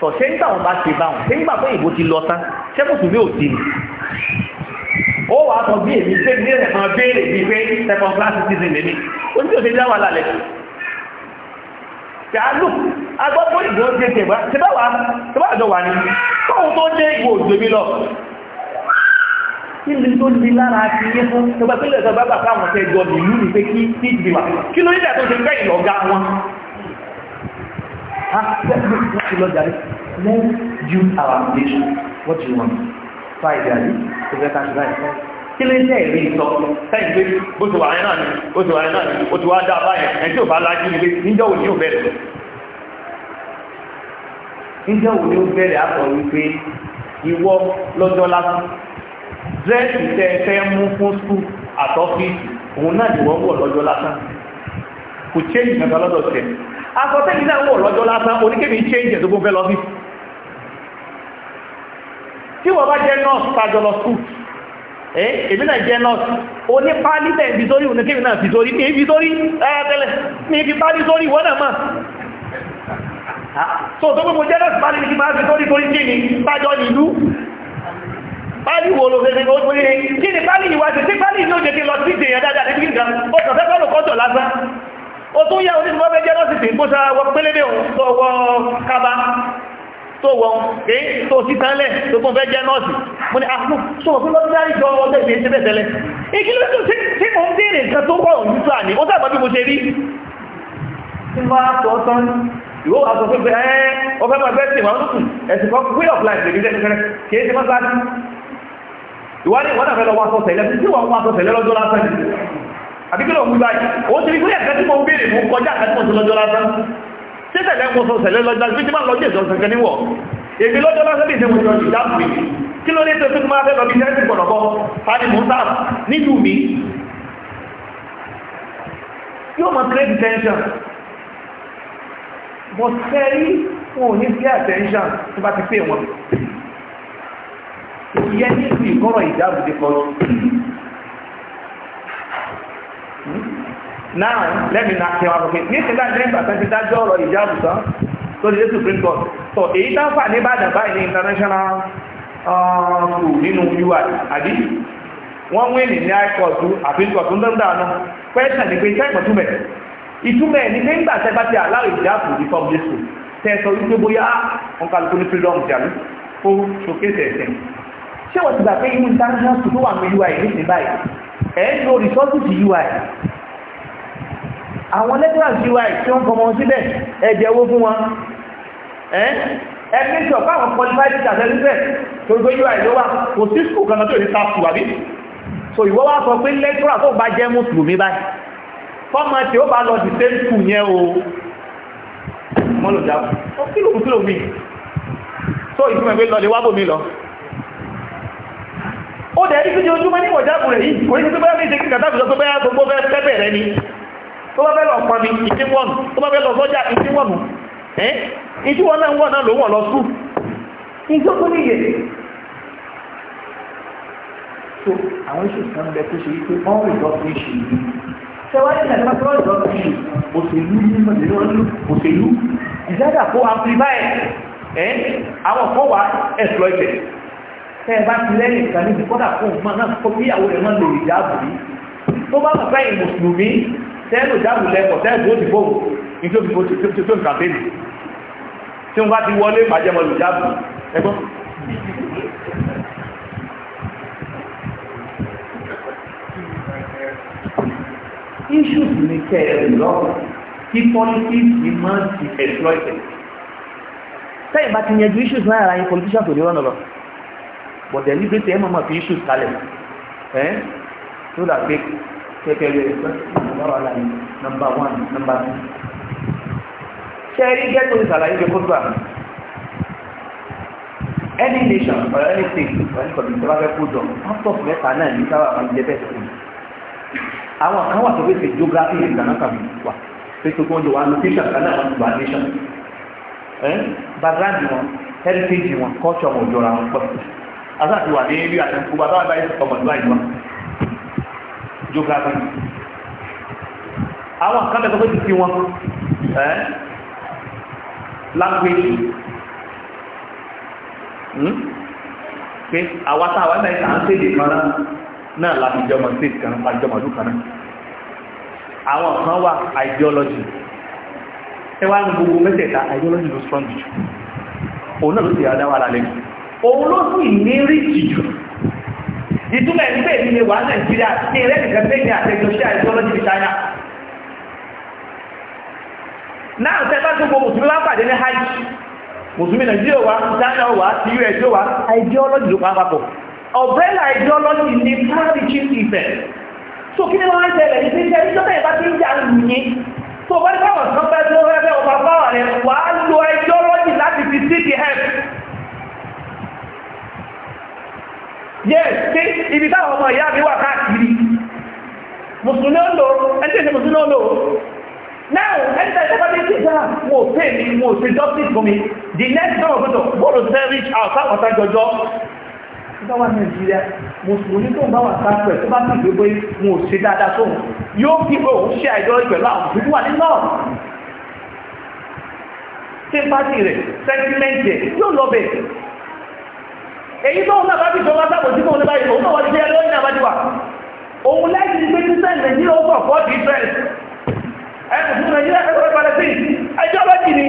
sọ ṣé nígbà wọn bá ṣe báwọn ṣé nígbà pé ìbò ti lọ tán ṣé mùsùlùmí ò sí ni ó wàá sọ bí èmi ṣé ní ẹ̀rẹ̀ kan béèrè bíi pé second class citizen lèmi ó ní òṣèlú àwọn alálẹ̀ ṣáàlù agbọ́pọ̀ ìbò ṣe ṣe wá ṣe bá wà ṣe bá àjọ wà ní tóun tó dé ìwò òjòmí lọ kí ni tó di lára ti yé fún tọba pílẹ̀ tọba bàbá àwọn tẹjọ nìlú ní pé kí ìdìbà kí ló nígbà tó ṣe fẹ́ ìlọ̀gá wọn Ah, let's look, let's look Let's use our nation. What do you want? Five years. So let us write. Kí ló ń tẹ́ ìrí ìsọ? Sẹ́yìn pé bó ti wà ní náà ni, ó ti wà ní náà ni, ó ti wá dá báyẹn, ẹ̀ tí ò bá lájú ni pé níjọ́ wo ni ó bẹ̀rẹ̀? Níjọ́ wo ni ó bẹ̀rẹ̀ á sọ wípé ìwọ lọ́jọ́ lásán. Dírẹ́sì tẹ fẹ́ mú fún skul àtọ́fíìsì, òun náà ni wọ̀ lọ́jọ́ lásán. Kò chéyìn kankan lọ́dọ̀ tẹ̀ aṣọ tẹ́yìn náà wọ̀ lọ́jọ́ lásán oníkébì change ẹ̀dógún fẹ́ lọ sí tí wọ́n bá jẹ́ nọ́ọ̀sì tàjọ lọ skúù ẹ́ èmi náà jẹ́ nọ́ọ̀sì o ní pálí tẹ̀ ibi sórí oníkébì náà fi sórí ní ibi sórí ẹ̀ẹ́tẹ́lẹ̀ ní ibi pálí sórí wọ́n náà mọ̀ so tó gbogbo jẹ́ nọ́ọ̀sì pálí ní máa fi sórí torí kí ni tàjọ nìlú pálí wo ló fẹ́ẹ́ ó pé kí ni pálí ìwádìí tí pálí ní ó jẹ́ kí lọ sí ìdèyàn dáadáa ó tún yà oníṣẹ́ wọ́n fẹ́ jẹ́ lọ́sì sí bó sára wọ́n pélédé òun tó wọ́ kábá tó wọ́n pé tó sí tánlẹ̀ tó kún fẹ́ jẹ́ nọ́ọ̀sì mo ní àfún tó wọ́n fún lọ́dúnrárì jọ ọjọ́ ìgbé ṣe bẹ́ẹ̀ tẹ́lẹ̀ ìkí ló tún sí mo ń bèèrè nǹkan tó rọ̀ òun tó àní ó sàgbà bí mo ṣe ẹ̀sìn kan way of life lèmi lẹ́nu kẹrẹ kìí ṣe máa sáájú ìwádìí ìwádìí àfẹ́ lọ wọ́n wá sọ àbíkílọ̀ mú báyìí ó ti rí pé ẹ̀kẹ́ tí mo béèrè mú kọjá àkàtí mọ̀ sí lọ́jọ́ lásán tí tẹ̀lẹ́ mo sọ sẹ̀lẹ́ lọ́jọ́ lásán tí máa lọ́jọ́ ìjọ sẹ̀kẹ́ níwọ̀ èmi lọ́jọ́ lásán bí ìsinmi ìjọsìn dáàbò mi kí ló dé tó fi máa fẹ́ lọ bí sẹ́ẹ̀sì gbọ̀nàbọ̀ fani mò ń sáà nílùú mi yóò mọ create tension mo fẹ́ rí wọn sí attention tó bá ti pè wọn ìyẹn ní ìkọ́rọ̀ ìdáàbò now let me knock him out okay ní ìsìnká ní ìgbà tán ti dájọ́ ọ̀rọ̀ ìjáàbù tán tó ti supreme court so èyí tán fà ní ìbàdàn báyìí ní international uh, school nínú ui àbí wọ́n mú ènì ní high court àfihàn court tó ń dán dáná question ni pé iṣẹ́ ìmọ̀túmẹ̀ ìtumẹ̀ ni pé ńgbà tẹ́ bá ti aláwọ̀ ìjáàbù ní public school tẹ́ sọ wípé bóyá wọn kà lóko ní freedom jàlú ó showcase ẹ̀sẹ̀ ṣé wọ́n ti gbà pé irú international school tó wà ní ui ní ìsìn báyìí ẹ̀ ń lo resources ui àwọn lẹ́tọ́rà sí wa tí wọ́n fọmọ síbẹ̀ ẹ̀jẹ̀ owó fún wọn ẹgbẹ́ ìṣọ̀ fáwọn qualified teacher ẹgbẹ́ tó gbé ui ló wà kò sí skul kan tó lè ta kù àbí so ìwọ wá sọ pé lẹ́tọ́rà tó bá jẹ́ mùsùlùmí báyìí fọ́mọ ó o mọ́lò dáwọ́ kí ló kí ló mi so ìfúnmọ̀ pé lọ lè wábò mi lọ ó dẹ̀ ẹ́ ní fídíò ojúmọ́ ní mọ̀jáàbù rẹ̀ yìí kò ní sí pé bẹ́ẹ̀ ní ìṣe kíkà tábìlọ́ pé bẹ́ẹ̀ gbogbo fẹ́ fẹ́ tó bá fẹ́ lọ pọn mi ìdí wọ̀nù tó bá fẹ́ lọ sọ́jà ìdí wọ̀nù ẹ́ ìdí wọn náà ń wọ̀ so àwọn iṣu kan bẹ tó ṣe yí pé wọ́n rìn lọ́sí iṣu yìí sẹ́wájú ìdájọba tó rìn lọ́sí iṣu òṣèlú amplify ẹ̀ àwọn kan wà exploited tẹ́ ẹ bá ti lẹ́yìn ìkànnì kọ́dà fún ọmọ náà kó bí àwọn ẹ̀rọ lè jà bùrí tó bá wà fẹ́ ìmùsùlùmí tẹ́lù jáàbù lẹ́pọ̀ tẹ́lù tó ti fóòmù ní tó fi tó fi kàfẹ́lì tí wọ́n bá ti wọlé ìbàjẹ́mọ̀lù jáàbù ẹgbọ́n issues ní kẹrin lọ kí politics ni máa ti exploited tẹ́yìn bá ti yẹjú issues náà ara yín politicians ò ní rọ́nà lọ but deliberate ẹ̀ máa fi issues kalẹ̀ ẹ́ tó dà pé gẹ́gẹ́ bí ẹgbẹ́ ọ̀rọ̀ àlàyé nọ́mbà wán nọ́mbà tí. ṣé rí gẹ́gẹ́ bí any nation or any state or any country tó bá fẹ́ kó jọ passport mẹ́ta náà ní sábà máa ń jẹ bẹ́ẹ̀ tó àwọn kan wà tó fi ṣe geography ní ìdáná kàbí wà pé tó kó ń jọ wà location kan náà wọ́n ti wà nation background wọn heritage wọn culture wọn jọra wọn pọ̀ àti àti wà ní ilé àti nkú bàbá àbáyé ọmọdé báyìí wọn geography àwọn nǹkan bẹ̀rẹ̀ ti fi wọn language hmm? pé àwọn táwọn ẹ̀mẹ́ ìta ń tèdè kan náà láti jọmọ̀ state kan láti jọmọ̀ ìlú kan náà àwọn kan wà ideology ẹwà ní gbogbo mẹ́tẹ̀ẹ̀ta ideology ló strong jù òun náà ló ti àdáwà lálẹ́ òun ló sì ní rí jù ìtumọ̀ ẹni pé èmi lè wà nàìjíríà ní ilé nìkan pé ní àtẹjọ sí àìsọ́lọ́jì ní China náà tẹ́ bá tó gbogbo mùsùlùmí bá pàdé ní hajj mùsùlùmí nàìjíríà wà China wà ti us wà ideology ló pàápàpọ̀ umbrella ideology ní far-reaching so kí ni wọ́n ń tẹ̀lé ní yes pé ibi táwọn ọmọ ìyá mi wà káàkiri mùsùlùmí ó lò ẹni tẹ̀sí mùsùlùmí ó lò now ẹni tẹ̀sí ọba tẹ̀sí ìjà wọn ò pè mí wọn ṣe justice fún mi the next time ọgbọ́dọ̀ bọ́ọ̀lù tẹ́ reach out sáwọn ọ̀tá jọjọ́ tó wà nàìjíríà mùsùlùmí tó ń bá wà sáfẹ̀ tó bá sì gbégbé wọn ò ṣe dáadáa tó yóò fi pé òun ṣe àìjọ ìpẹ̀lú àwọn òṣèlú wà sympathy rẹ̀ sentiment rẹ̀ yóò lọ bẹ̀ èyí tó ń nàbá bìjọ wá sábò tí kò ní báyìí òun náà wọ́n ti jẹ́ lóyún nàbá jùwà òun láti ní pé tí sẹ́ẹ̀ nàìjíríà ó sọ̀ fọ́ di israel ẹ̀sùn fún nàìjíríà ẹ̀sùn fún palestine ẹjọ́ bá jì ní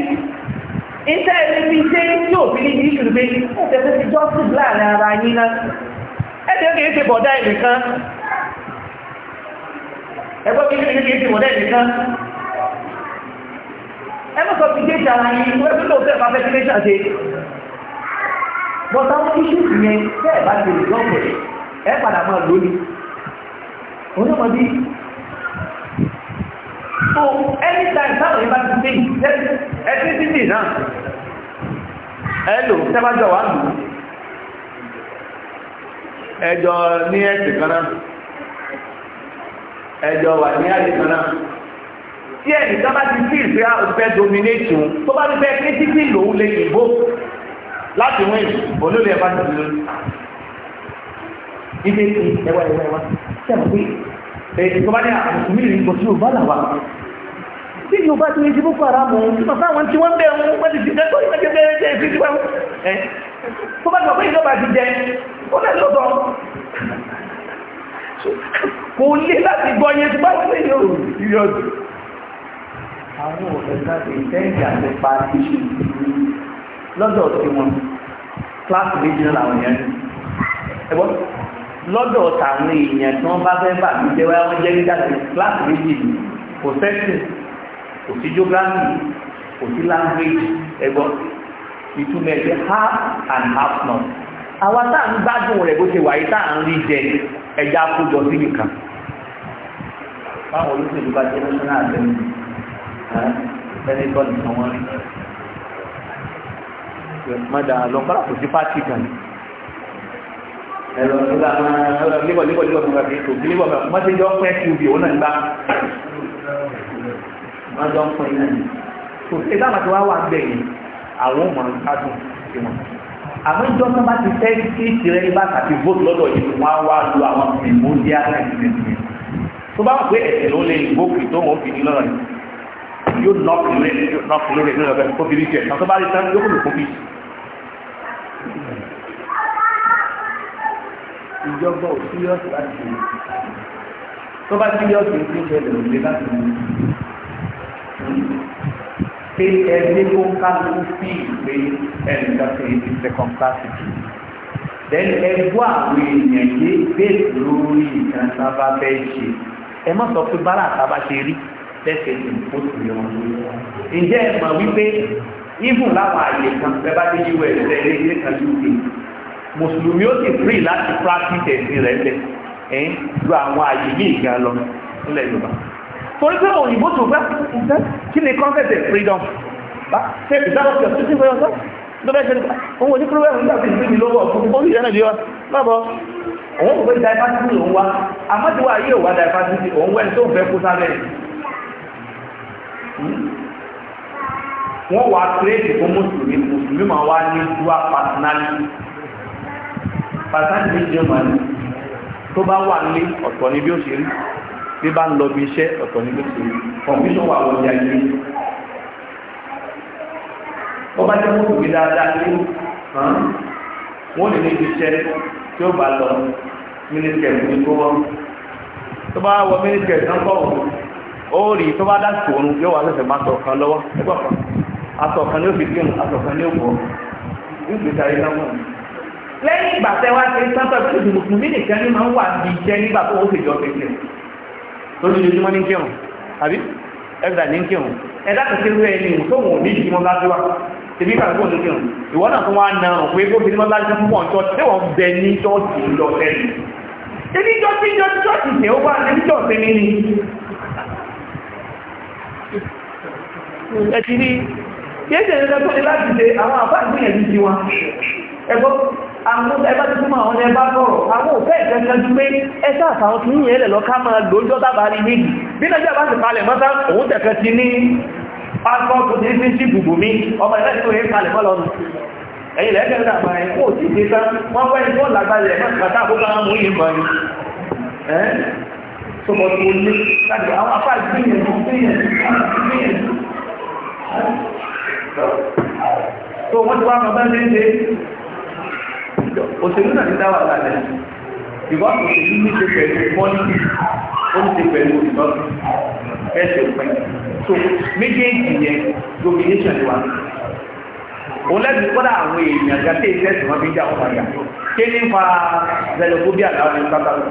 iṣẹ́ ẹni fi ṣe yóò fi ní ní ìṣù pé ẹ̀sẹ̀ fún ti jọ́sí láàrin ara yín náà ẹ̀sẹ̀ kìí ṣe bọ̀dá ẹnìkan ẹgbẹ́ kìí ṣe bọ̀dá ẹnìkan ẹgbẹ́ kọ́ fi dé ṣàlàyé ẹgbẹ́ tó fẹ́ fà fẹ́ bọ́tà wọn iṣu yẹn tẹ́ ẹ̀ bá ti rí lọ́pẹ̀ ẹ̀ padà máa lóni onímọ̀bí so anytime táwọn yẹn bá ti dé ẹtí títì náà ẹ lò tẹ́bájọ wà lù ẹjọ́ ní ẹ̀sìn kan náà ẹjọ́ wà ní àyè kan náà tí ẹnìkan bá ti sí ìfẹ́ òfẹ́ ah, domination tó bá ti fẹ́ kí títì lòun lè yìnbó láti win olóòlù ẹ̀ bá ti dúró ibi ètò ẹwà ẹwà ẹwà sẹ́wọ̀n pé èyí tó bá ní àmì ìrìn kò sí òbá làwà tí yóò bá ti ní ìdíbò fara mọ́ tí bàbá àwọn tí wọ́n bẹ̀ ń wọ́n ti ti dẹ́ tó ìgbẹ́jẹ́ bẹ́ẹ̀ jẹ́ ìfi ìdíbò ẹ̀ tó bá ti wọ́n pé ìjọba ti jẹ ó lẹ́ lọ́dọ̀ kò lé láti gbọ́ yẹn tó bá ti ní ìyọ̀ ìyọ̀ àwọn òṣèlú láti ìtẹ́ ìjà nípa ìṣèlú lọ́dọ̀ tí wọn kíláàsì méjì náà làwọn èèyàn ní ẹgbọ́n lọ́dọ̀ tàwọn èèyàn tí wọ́n bá fẹ́ bà mí jẹ́ wáyé wọ́n jẹ́ nígbàtí kíláàsì méjì ní kò sẹ́sìn kò sí jógráfì kò sí language ẹgbọ́n ìtumọ̀ ẹ̀jẹ̀ half and half not àwa tá à ń gbádùn rẹ̀ bó ṣe wà yìí tá à ń rí jẹ ẹja kójọ sí nìkan báwọn olóṣèlú bá jẹ́ national assembly ẹni tó nìkan wọn rí Mada lọ kọ́lá kò sí pàtì kan ẹ̀rọ nígbà ẹ̀rọ nígbà nígbà nígbà nígbà fi kò sí nígbà mọ́ sí jọ pẹ́ sí ibi òun náà gbá wọ́n jọ ń pẹ́ náà ni kò sí táwọn àti wá wà ń bẹ̀ yìí àwọn ọmọ adùn sí vote lọ́dọ̀ yìí wọ́n á wá lu àwọn ìmúdíá náà tó bá wà pé ẹ̀sìn ló lè gbókè tó wọ́n fi ní lọ́rọ̀ yìí yóò nọ́ọ̀kì lórí yóò nọ́ọ̀kì lórí ìjọba ò síríọ́sì láti ṣe tó bá síríọ́sì ní ìṣẹ̀lẹ̀ òde láti mú pé ẹni tó kálukú sí ìwé ẹnìkankan èyí second class then ẹgbọ́ àwọn èèyàn yé bẹ́ẹ̀ lórí ìtàn sábà bẹ́ẹ̀ ṣe ẹ má sọ pé bára àtàbà ṣe rí bẹ́ẹ̀ ṣe ìfòsùn yẹn ǹjẹ́ ẹ mọ̀ wípé even láwọn àyè kan bẹ́ẹ̀ bá dé us ẹ̀ lé ilé kan uk mùsùlùmí ó sì free láti practice ẹ̀sìn rẹ̀ lẹ̀ ẹ̀ ju àwọn àyè míì gan lọ nílẹ̀ yorùbá torí pé òyìnbó tó fẹ́ fẹ́ kí ni concept of freedom bá ṣe ìdáwọ́sí ọ̀sẹ̀ sí fẹ́ ọ̀sẹ̀ tó bẹ́ẹ̀ ṣe ní òun ò ní kúrò ẹ̀rùn nígbà tí ìgbé mi lọ́wọ́ fún orí ìrẹ́nà bí wa lọ́bọ̀ òun kò fẹ́ diversity òun wa àmọ́ tí wàá yí òwa diversity òun wẹ́n tó fẹ́ kó sábẹ́ wọ́n wà tírèdì fún mùsùlùmí mùsùlùmí máa wá ní dua pàtínálì pàtínálì méjì máa ní tó bá wà ní ọ̀tọ̀ ni bí ó ṣe rí bí bá ń lọ bí iṣẹ́ ọ̀tọ̀ ni bí ó ṣe rí kọ̀míṣọ̀n wà wọ́n jáde wọ́n bá jẹ́ mùsùlùmí dáadáa ní wọ́n lè ní ibi iṣẹ́ tí ó bá lọ mínísítẹ̀ẹ̀mù ní kó wọ́n tó bá wọ mínísítẹ̀ẹ̀mù náà kọ̀ ó rí tó bá dá sòrò yóò wà lọ́sẹ̀ má sọ̀kan lọ́wọ́ ẹgbẹ́ kan asọ̀kan ní òfin kírun asọ̀kan ní òkọ̀ yóò gbé sáré láwọn. lẹ́yìn ìgbà tẹ́ wá ṣe sábà tó ti mùsùlùmí nìkan ní máa ń wà bí iṣẹ́ nígbà tó ó ṣèjọ fi kírun lórí ojoojúmọ́ ní kírun àbí ẹ̀dà ní kírun ẹ̀dá kò sí rẹ̀ ní ìwòsàn òun ní ìdí mọ́lájú wa tèmi kà ló ń kírun ìwọ náà tó wá na rò pé kó fi ní mọ́lájú púpọ̀ ń ṣọ́ọ̀tì tẹ́wọ̀n bẹ ní ṣọ́ọ̀tì lọ tẹ́lẹ̀ ebi jọ́sí jọ́sí jọ́sí tẹ́ ó ẹ ti rí kéèké ẹ̀rẹ́ tó ní láti ṣe àwọn àbá ìgbìyànjú ti wọn ẹgbọ́ àwọn ẹbá ti fún àwọn ẹbá bọ̀rọ̀ àwọn òfẹ́ ìfẹ́kẹ́jú pé ẹlẹ̀ lọ máa lójọ́ dábàárí méjì bí lọ́jọ́ bá ti palẹ̀ mọ́ta òun tẹ̀kẹ́ ti ní pásọ́ọ̀tù ní sí mi ọmọ tó yẹn palẹ̀ mọ́ ni tó wọ́n ti wá mọ̀ bẹ́ẹ̀ léde òṣèlú náà ti dáwà lálẹ́ ìwà òṣèlú ní ṣe pẹ̀lú mọ́nì ó ní ṣe pẹ̀lú ìbọn ẹ̀ṣẹ̀ òpin so méjèèjì yẹn domination wa òun lẹ́bi kọ́dà àwọn èèyàn gàtẹ́ ìṣẹ́ ìṣẹ́ wọn fi ń jà wọn padà ké ní fa xenophobia láwọn ẹni sábà lọ.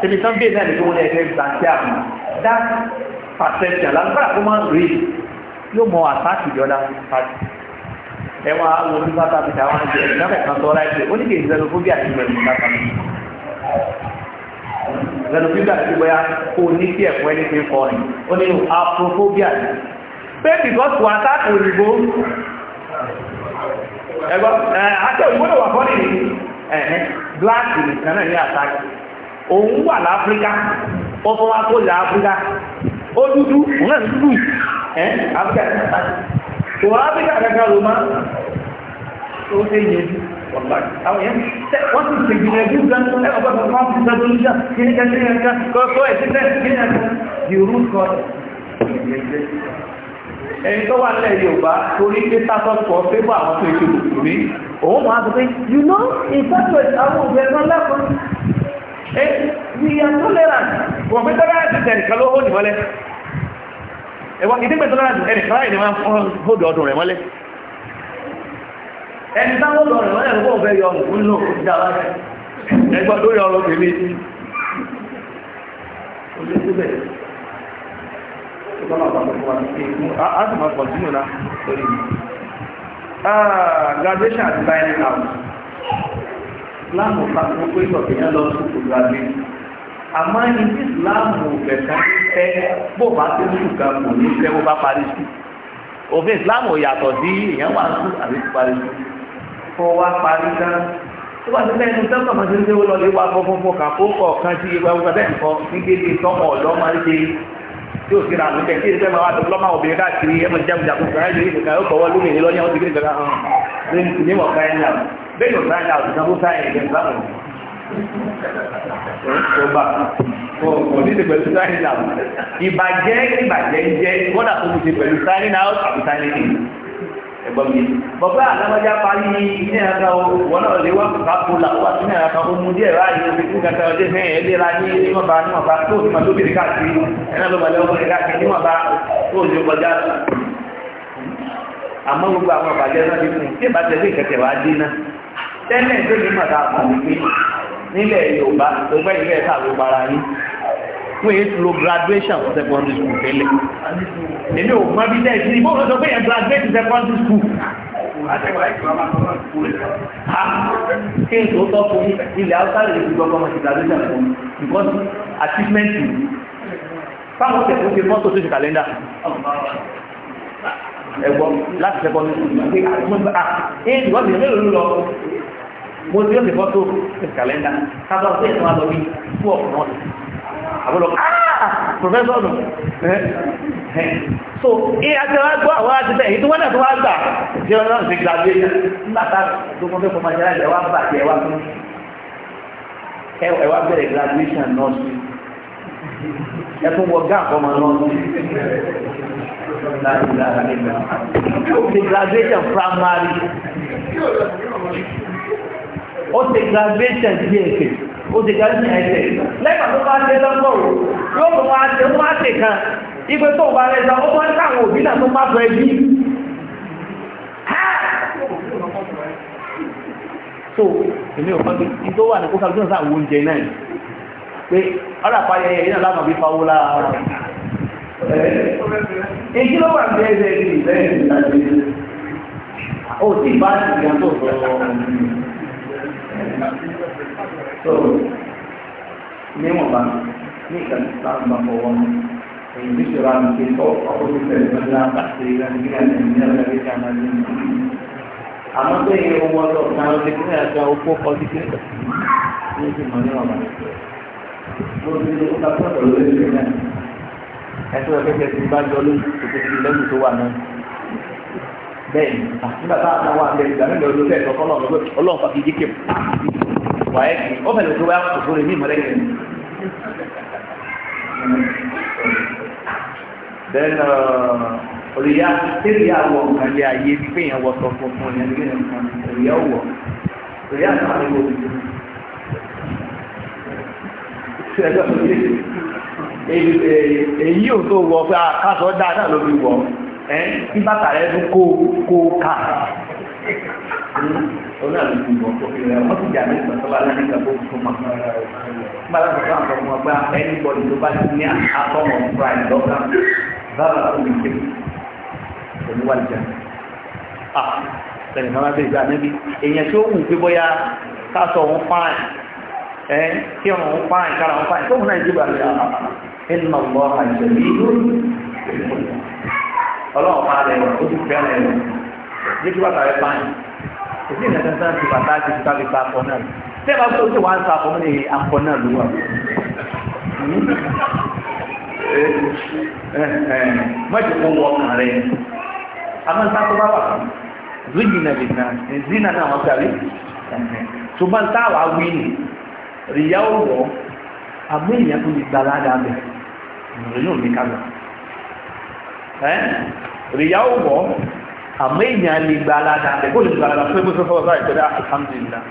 tèmi náà ni kí wọ́n lè fẹ́ gbà sí àwọn dáa perception lágbára kó máa ń rí yóò mọ àtàkì ìjọba pàtì ẹwà wo bí bàtà fi tàwọn ẹgbẹ́ ẹgbẹ́ náà kẹkàn sọ láìpẹ́ ó ní kí ìzẹlú fún bí àti ìgbẹ̀rún náà kàn ìzẹlú fún bí àti ìgbẹ̀yà kó ní sí ẹ̀kọ́ ẹni pé kọ́ ni ó nínú afrophobia ni pé bìkọ́sù àtàkì òyìnbó ẹgbọ́ àti òyìnbó lè wà fọ́ nìyí ẹ̀hẹ́ black nìkan náà ní àtàkì òun wà láfíríkà ó fọwọ́ kó lè áfíríkà ó dúdú náà dúdú ẹ́ áfíríkà kò áfíríkà kankan ló máa tó ṣe yẹn àwọn yẹn wọ́n ti ṣe gbìyànjú gan ẹ ọgbà kan máa fi sọ́dún níjà kí ní kẹ́kẹ́ ní ẹ̀ka kọ́ sọ ẹ̀ sílẹ̀ kí ní ẹ̀ka di orú kọ́ ẹni tó wà lẹ́ Yorùbá torí pé sátọ́ sọ pépà àwọn tó ṣe lòkùnrí òun máa sọ pé you know ìfẹ́tọ̀ àwọn òbí ẹ̀kan lẹ́kọ̀ọ́ ẹ̀ ìyàtọ̀ lẹ́ràn kọ̀m̀pútà ẹ̀wọ́n ìdígbẹ̀ tó lára jù ẹni kíláyì ni wọ́n hóòdù ọdún rẹ̀ mọ́lẹ̀ ẹni táwọn ọdún rẹ̀ mọ́lẹ̀ ló fẹ́ yọ ọ̀hún lò ó dá wá ẹgbọ́n lórí ọrọ̀ tèmi olóṣèlú graduation àti dining house láàmù pàtàkì pé ìgbọ̀gbẹ̀yàn lọ sí ìgbàgbé àmọ́ ní ìsìláàmù òfẹ̀ká ní fẹ́ bó bá ti ń sùn kan kò ní fẹ́ bó bá parí sí òfin ìsìláàmù yàtọ̀ sí èèyàn wà ń sùn àbí ti parí sí kó wá parí dá tó bá ti fẹ́ ẹnu tẹ́kọ̀ máa ti ń déwó lọ́lé wá fọ́ fún fọ́kà kó kọ̀ kan sí ipa ìwúkọ bẹ́ẹ̀ nǹkan ní gbèdé tọ́mọ ọ̀dọ́ máa ń ṣe tí ò síra àmì tẹ̀sí ìfẹ́ máa wá tó lọ́mọ obìnrin káàkiri ẹ̀mọ̀ jagunjagun kàrá ìlú ìkàkà yóò kọ̀wọ́ lómi ìlọ́yìn àwọn ti gbé nǹkan kan hàn ní mọ̀ káyìn náà bẹ́ẹ̀ yóò sáyìn náà òṣìṣẹ́ bó sáyìn ìgbẹ́ ọba kò ní ti pẹ̀lú signing out ìbàjẹ́ ìbàjẹ́ jẹ́ kódà tó ti pẹ̀lú signing out àti signing in ẹ̀gbọ́n mi bàbá àlámọ́já parí ilé ẹ̀ka wọn náà lè wá kókà kóla wà sí ẹ̀ka kan mú díẹ̀ ráàyè omi fún kẹta ọdẹ mẹ́rin ẹlẹ́ra ní níwọ̀nba níwọ̀nba tó ti máa tóbi káàkiri ẹ̀rọ ló balẹ̀ ọkọ̀ káàkiri níwọ̀nba tó ti kọjá àmọ́ gbogbo nílẹ̀ yorùbá ògbẹ́ ilé ẹ̀ka ló para yín wọ́n yé lo graduation secondary school tẹ́lẹ̀ èmi ò mọ bí dẹ́ẹ̀ sí ibò lọ́sọ pé yẹn graduate secondary school. kí n tó tọ́ fún ilẹ̀ haúsá lè fi gbọ́kọ́ mọ̀ sí graduation fún because achievement fáwọn ọ̀sẹ̀ tó ṣe mọ́tò tó ṣe kàlẹ́ndà ẹ̀gbọ́n láti secondary school. Ah, eh, mo ti yóò ti fọ́tò kàlẹ́ndà sábà fún ìtàn àlọ́ bíi fún ọ̀pọ̀ náà àbúrò ah professor nù so ẹ àtẹwà gbọ́ àwọn àtẹtẹ èyí tó wọ́n náà tó wá gbà tí wọ́n ti graduation nígbà tá tó kọ́ fẹ́ fọmọ ìṣẹ́lẹ̀ ẹ̀wà bàjẹ́ ẹ̀wà fún ẹ̀wà bẹ̀rẹ̀ graduation nọ́ọ̀sì ẹ̀tún wọ gáà fọmọ nọ́ọ̀sì ti graduation primary ó ti graduation sí ẹ̀sẹ̀ ó ti graduation ẹ̀sẹ̀ lẹ́gbà tó bá ṣe lọ́gbọ̀rọ̀ yóò tó máa ṣe máa ṣe kan ipe tó bá rẹ̀ sọ ó máa ń káwọn òbí náà tó máa fọ ẹbí so èmi ò fọ́nbí ní tó wà ní kókà lóṣù sáà wo oúnjẹ náà pé ọ̀rọ̀ àpáyẹ ẹ̀yẹ náà lábàá bí fáwọ́ lára rẹ̀ èyí ló wà ní ẹgbẹ́ ìlú ìlú ìlú ìlú ó ti bá ìgbà tó sọ so níwọ̀nba ní ìkàtí sáà bá fọwọ́ èyí bí ṣe wà ní pé kọ́ ọkọ̀ tó fẹ́ lọ́dún láti ṣe nàìjíríà nàìjíríà nàìjíríà nàìjíríà àmọ́ tó yẹ owó ọlọ́ náà lè fún ẹ̀ka owó kọjú pé ní ti mọ̀ níwọ̀nba mo ti ní ọkọ̀ tó lọ́dún lórí ẹ̀ka ẹ̀sùn ẹ̀kẹ́kẹ́ ti bá jọ lórí òkè tó wà náà bẹ́ẹ̀ ni ah, nígbà tá a wà lẹ́yìn ìgbà mẹ́lẹ̀ olóòtú ẹ̀kọ́ kọ́ lọ́wọ́ lọ́wọ́ ọlọ́run fàkì díkè wà ẹ́ kì then uh, olùyà tẹ́lẹ̀ àwọ̀ nǹkan lé ayé pé yẹn wọ sọ fún fún yẹn lẹ́yìn nǹkan olùyà wọ̀ olùyà náà ló wọ̀ ojú. èyí ò tó wọ pé a ah, dáadáa ló fi wọ̀ tí bàtà rẹ̀ tún kó kó ká ọ̀nà àlùkù ìwọ̀n tó fi rẹ̀ wọ́n ti jà ní ìgbàsọ́lá láti ìgbàgbọ́ fún ma. nígbà láti fún àwọn ọmọ ọgbà ẹni bọ́ọ̀lù tó bá ní àtọ́mọ̀ prime lọ́gbà bàbá tó lè ké pẹ̀lú wà lìjà. à sẹ̀yìn náà bẹ̀rẹ̀ ìgbà níbi èèyàn tí ó wù pé bóyá káṣọ òun fáìn ẹ kí ọ̀run òun fáìn kára òun fáìn tó hùn náà ìdíbà rẹ̀ Inna الله جميل ọlọ́run máa lẹ̀ wọ̀ ó ti fẹ́ lẹ̀ wọ̀ jẹ́ kí bàtà rẹ̀ báyìí èsì ìrìnàjò náà ti bàtà ti fi kábi pa akọ náà tẹ́ bá tó tó wá ń sa akọ mọ́ ní akọ náà ló wà. mọ́jú hmm? eh, eh, eh. kó wọ ọkàn rẹ̀ àmọ́ nípa tó bá wà fún zújì náà bìtà zina náà wọ́n sáré ṣùgbọ́n táwa wí ni rìyá wọ̀ àmọ́ èèyàn tó ti gbà ládàá ìròyìn òní ká lọ rìyá ò wọ́ àmọ́ èèyàn lè gba aládàá ẹ̀kọ́ lè gba aládàá fún ẹgbẹ́ fọ́fọ́ báyìí pẹ̀lú alhamdulillah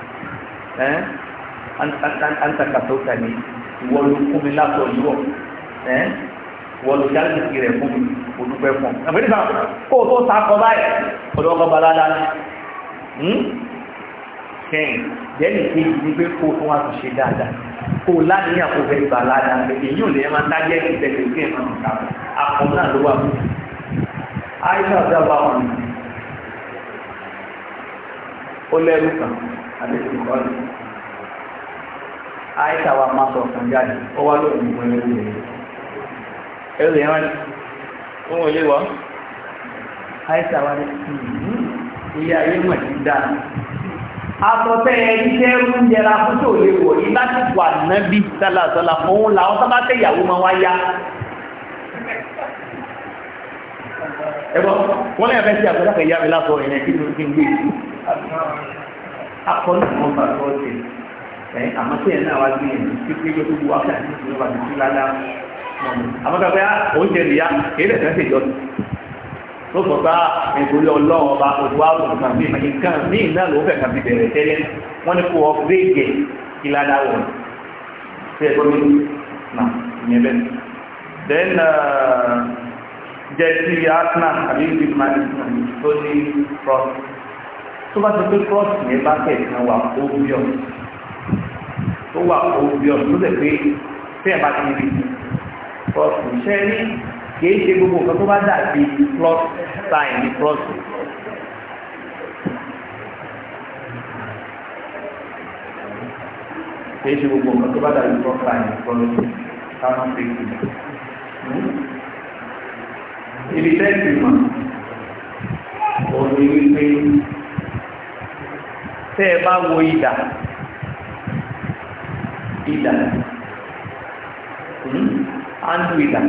antakasauta ni ìwọ ló kún mi látọ̀ yíwọ̀ ìwọ ló yá lùsì rẹ̀ fún mi olùpẹ̀ fún mi àmì nígbà kó o tó sakọ báyìí ọ̀dọ́ ọkọ̀ balada ni hmm? kẹ́yìn dẹ́nì kejì ni pé kó fún wa ti ṣe dáadáa kó láníyàn kó fẹ́ gbà ládàá pé èyí ò lè máa dájẹ́ ìbẹ̀rẹ̀ òkè máa ń kà àpò náà ló wà fún mi. àìsàn ọ̀dọ́ bá wọn ni ó lẹ́rú kan àti ìkọ́ ni àìsàn wa máa sọ ọ̀sán jáde ó wá lóògùn ìwé lórí rẹ̀. ẹ̀rù yẹn wá ní òun ò lè wọ́ àìsàn wa ní ìyá hmm, ayé mọ̀ ti dáa asọ̀tẹ́ ẹni tẹ́ ń yẹra fún tó lè wọ̀ yìí láti wà nábì sálàsálà òun làwọn sábà tẹ ìyàwó máa wá yá. ẹ̀bọ̀ wọ́n lẹ́yìn fẹ́ẹ́ sí àgbẹ̀dá kan yá mi lásọ ẹ̀yẹn kí ló ti ń gbé yìí. akọ́ni àwọn bàbá ọ̀sẹ̀ ẹ̀ àmọ́tẹ́ ẹ̀ náà wá gbé yẹn kí pé yóò gbogbo wákàtí ìṣòro àti ìṣúlá dáa. àmọ́tẹ́ ló sọ bá ìgbòrí ah, ọlọ́run ọba òdu àwọn nǹkan bíi nǹkan míì náà ló fẹ̀ka bíi bẹ̀rẹ̀ tẹ́lẹ̀ wọ́n ní kó ọ̀gbẹ́gẹ̀ ìlànà wọ̀ sí ẹ̀kọ́ mi nà ìyẹn bẹ́ẹ̀. then uh, jẹ́sí arsenal àbí griezmann tó ní cross tó bá ti pé cross yẹn bá kẹ̀ kan wà obvious tó wà obvious tó dẹ̀ pé tẹ́ẹ̀ bá ti rí cross ṣẹ́rí kìí ṣe gbogbo nǹkan tó bá dà bí plus sign ní plus. kìí ṣe gbogbo nǹkan tó bá dà bí plus sign ní plus káwọn ṣe kú. ibi tẹ́sí mọ̀ òní wípé tẹ́ ẹ bá wo ìdà ìdà andu hmm, ìdà.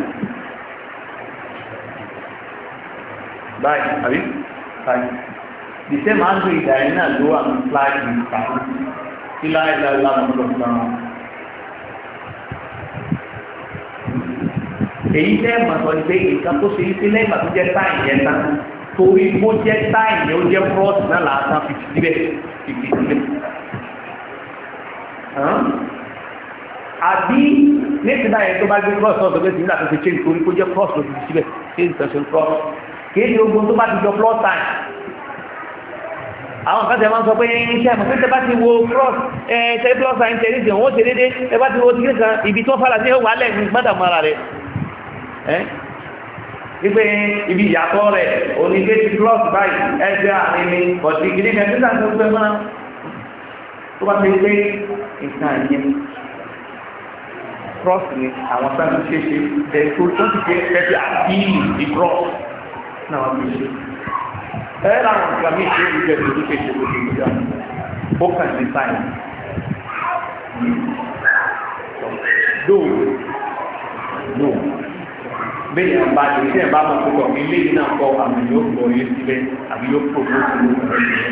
báyìí àbí báyìí the same angle ìdàrí náà ló wà ní flag ní ìpàdé kí láì láì láwọn ọ̀dọ́ fún wọn. èyí tẹ́ ẹ̀ mọ̀tọ́ ni pé nǹkan tó ṣe ṣe lẹ́yìn àti jẹ́ táyì yẹn tán torí bó jẹ́ táyì yẹn ó jẹ́ fúrọ́ọ̀tì náà làásán fìtì síbẹ̀ fìtì síbẹ̀ àbí ní ti báyẹn tó bá gbé cross náà tó gbé sí nígbà kìí ṣe ogun tó bá ti jọ plus sign àwọn kan tẹ máa ń sọ pé iṣẹ́ àmọ́ pé tẹ bá ti wo cross ẹ̀ẹ́tẹ́ plus sign tẹ ní ìṣẹ̀wọ̀n tẹ dédé tẹ bá ti wo tí kìí kan ibi tó fara sí ẹwà lẹ́nu gbádàmọ́ ara rẹ̀ wípé ibi ìyàtọ̀ rẹ̀ onígbé ti plus báyìí ẹgbẹ́ àárín mi bọ̀dì ìgbìlẹ̀ kan nígbà tó fẹ́ mọ́ra tó bá ti gbé nǹkan yẹn cross ni àwọn sáà ń ṣe ṣe tẹ̀ tó tó ti gbé tẹ̀ fi àbí ìcross náà wọ́n fi ṣe ẹ láwọn nǹkan mí ṣe ìjẹ́ ìlú kéṣe kò sí ìjà ó kàn sí sáyẹn dóò dóò bẹ́ẹ̀ yẹn bá lè ṣe ẹ̀bá mọ̀ púpọ̀ mi léyìn náà kọ́ àmì yóò gbọ́ yé síbẹ̀ àbí yóò pọ̀ bó ti ló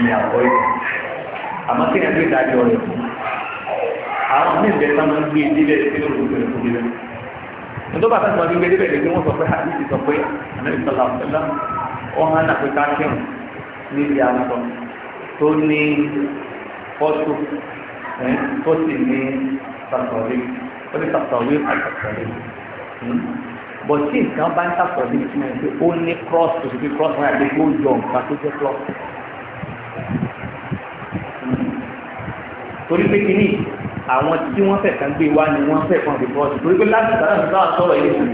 rẹ̀ àwọn mí bẹ́ẹ̀ máa ń nítorí bàtà tí wọ́n ti ń gbé débẹ̀ lé pé wọ́n sọ pé àdìsí sọ pé ànábì sọlá ọ̀sẹ̀lá wọ́n hàn náà pé káṣíọ̀n níbi àwùjọ tó ní fọ́tò tó sì ní sàtọ̀wé ó ní sàtọ̀wé àtàtọ̀wé bọ̀ tí nǹkan bá ń sàtọ̀wé tí wọ́n pé ó ní cross tó fi cross wọn àti ó yọ nǹkan tó jẹ́ cross hmm. torí pé kìíní àwọn tí wọ́n fẹ̀ kan gbé wá ni wọ́n fẹ̀ kan lè bọ́ọ̀sì torí pé láti sára mi bá sọ̀rọ̀ yìí fún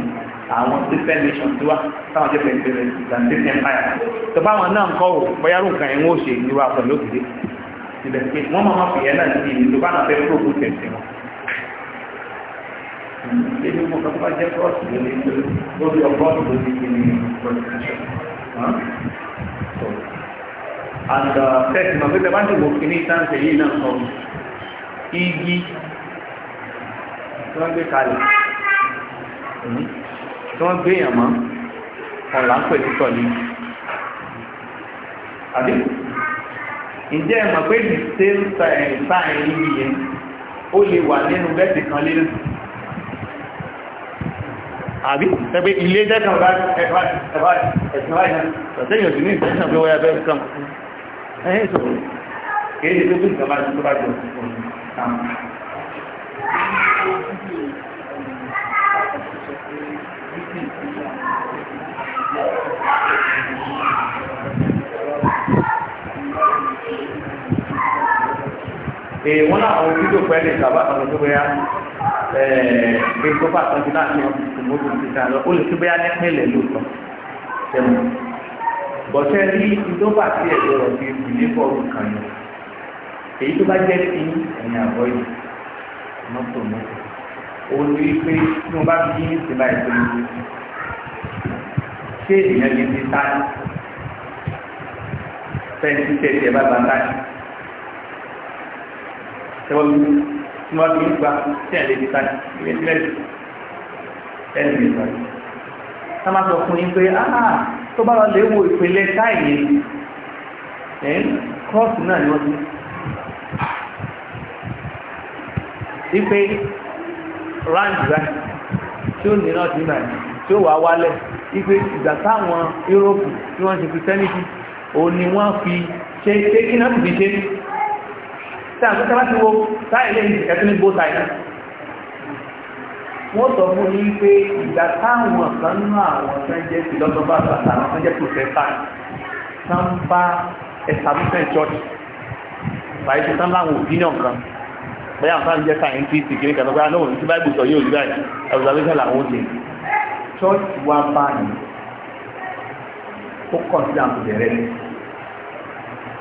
àwọn christian nation tí wá táwọn jẹ́ pẹ̀lú islamic empire tó bá wọn náà ń kọ́ bóyá rò nǹkan ẹ̀wọ̀n òṣè ní wa pẹ̀lú òkèdè ìbẹ̀ pé wọ́n máa fi yẹn náà sí ìlú tó bá náà fẹ́ kúrò fún tẹ̀sí wọn. ebi mo kọ́ bá jẹ́ kọ́ọ̀sì lórí lórí ọgọ́rùn-ún lórí ìkíni prostitution. and uh, tẹ́sí mọ̀ pé tẹ́ bá ń dìbò kíní sáǹsì yìí náà sọ̀rọ̀ igi tí wọ́n gbé kalẹ̀ hmm? tí wọ́n gbé yàn mọ́ ọ̀la ń pè ní tọ̀lé àbí ǹjẹ́ ẹ mọ̀ pé the same sign sign yìí yẹn ó lè wà nínú bẹ́ẹ̀sì kan lélẹ̀ àbí tẹ́gbẹ́ ilé jẹ́ kan bá ẹ̀fà ẹ̀fà ẹ̀sìn láì náà tọ̀tẹ́yìn òsì ní ìtẹ́sìn àbí wọ́n yá bẹ́ẹ̀ kàn ẹ̀yìn ìṣòro kéèdè tó bí ìjọba tó bá Eh, wọ́n náà àwọn fídíò pẹ́lẹ̀ ìjàmbá àwọn tó bẹ́yà ẹ̀ẹ́dẹ́gbọ́fà àtàkì náà ní ọkùnrin mọ́tò ti ta lọ ó lè tó bẹ́yà nípìnlẹ̀ lóòótọ́ tẹ̀wọ̀n bọ̀tẹ́ rí ìdóbà sí ẹ̀dọ́ rọ̀ ìdílé fọ́ọ̀rù kan yẹn èyí tó bá jẹ́ sí ẹ̀yìn àbọ̀ yìí mọ́tò mọ́tò òun ni wípé tí mo bá fi yín sí báyìí tó ń lò ṣé èèyàn lè fi táyì fẹ́ǹsì tẹ̀sí ẹ̀ bá gba táyì tẹ́wọ́n mi tí wọ́n fi ń gba tí ẹ̀ lè fi táyì ilé tí lẹ́sì ẹ̀ lè fi táyì. ká má sọ fún yín pé áá tó bá lọ lè wo ìpínlẹ̀ táyì yẹn kọ́ọ̀sì náà ni wọ́n ti ipe round rẹ tí ó nínà sí náà tí ó wà wálẹ̀ ipe ìgbà táwọn Yúróòpù tí wọ́n ti Christianity òun ni wọ́n fi ṣe ṣe kí náà fi ṣe tí àwọn kẹta bá ti wo táìlẹ̀ ìkẹtìlẹ̀ gbó táìlẹ̀ wọ́n sọ fún yín pé ìgbà táwọn kan nú àwọn sẹ́jẹ́ ìlọ́sọ̀bá àtàwọn sẹ́jẹ́ pòfẹ́fà sáńpá establishment church báyìí ṣe tán láwọn opinion kan bóyá nǹkan jẹ́ scientist kiri kan lọ́gbà ah, náà tí báyìí sọ yóò rí báyìí observation làwọn ó ṣe church wa báyìí ó kọ̀ sí àwọn ìbẹ̀rẹ̀ ni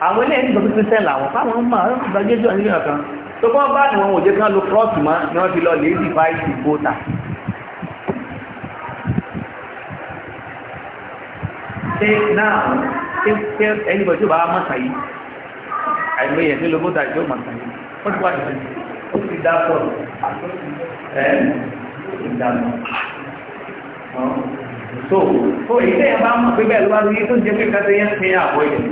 àwọn ilé ẹni dọ́kítà sẹ́ẹ̀ làwọn fáwọn ọmọ àwọn ìgbàgbéjọ nílé ọ̀kan tó kọ́ bá ní wọn ò jẹ́ kán lo cross mọ́ ni wọ́n fi lọ lè divide voter ṣe náà ṣe anybody tó bá wà mọ́ta yìí àìmọye yẹn nílò mọ́tà ìjọ màkà yìí wọ́n ti wá ìdí ó ti dá pọ̀ so so ilé ẹ̀ máa ń pè bẹ́ẹ̀ lọ́wọ́ ní tó ń jẹ́ pé kásẹ̀ yẹn fi àwọ̀ yẹn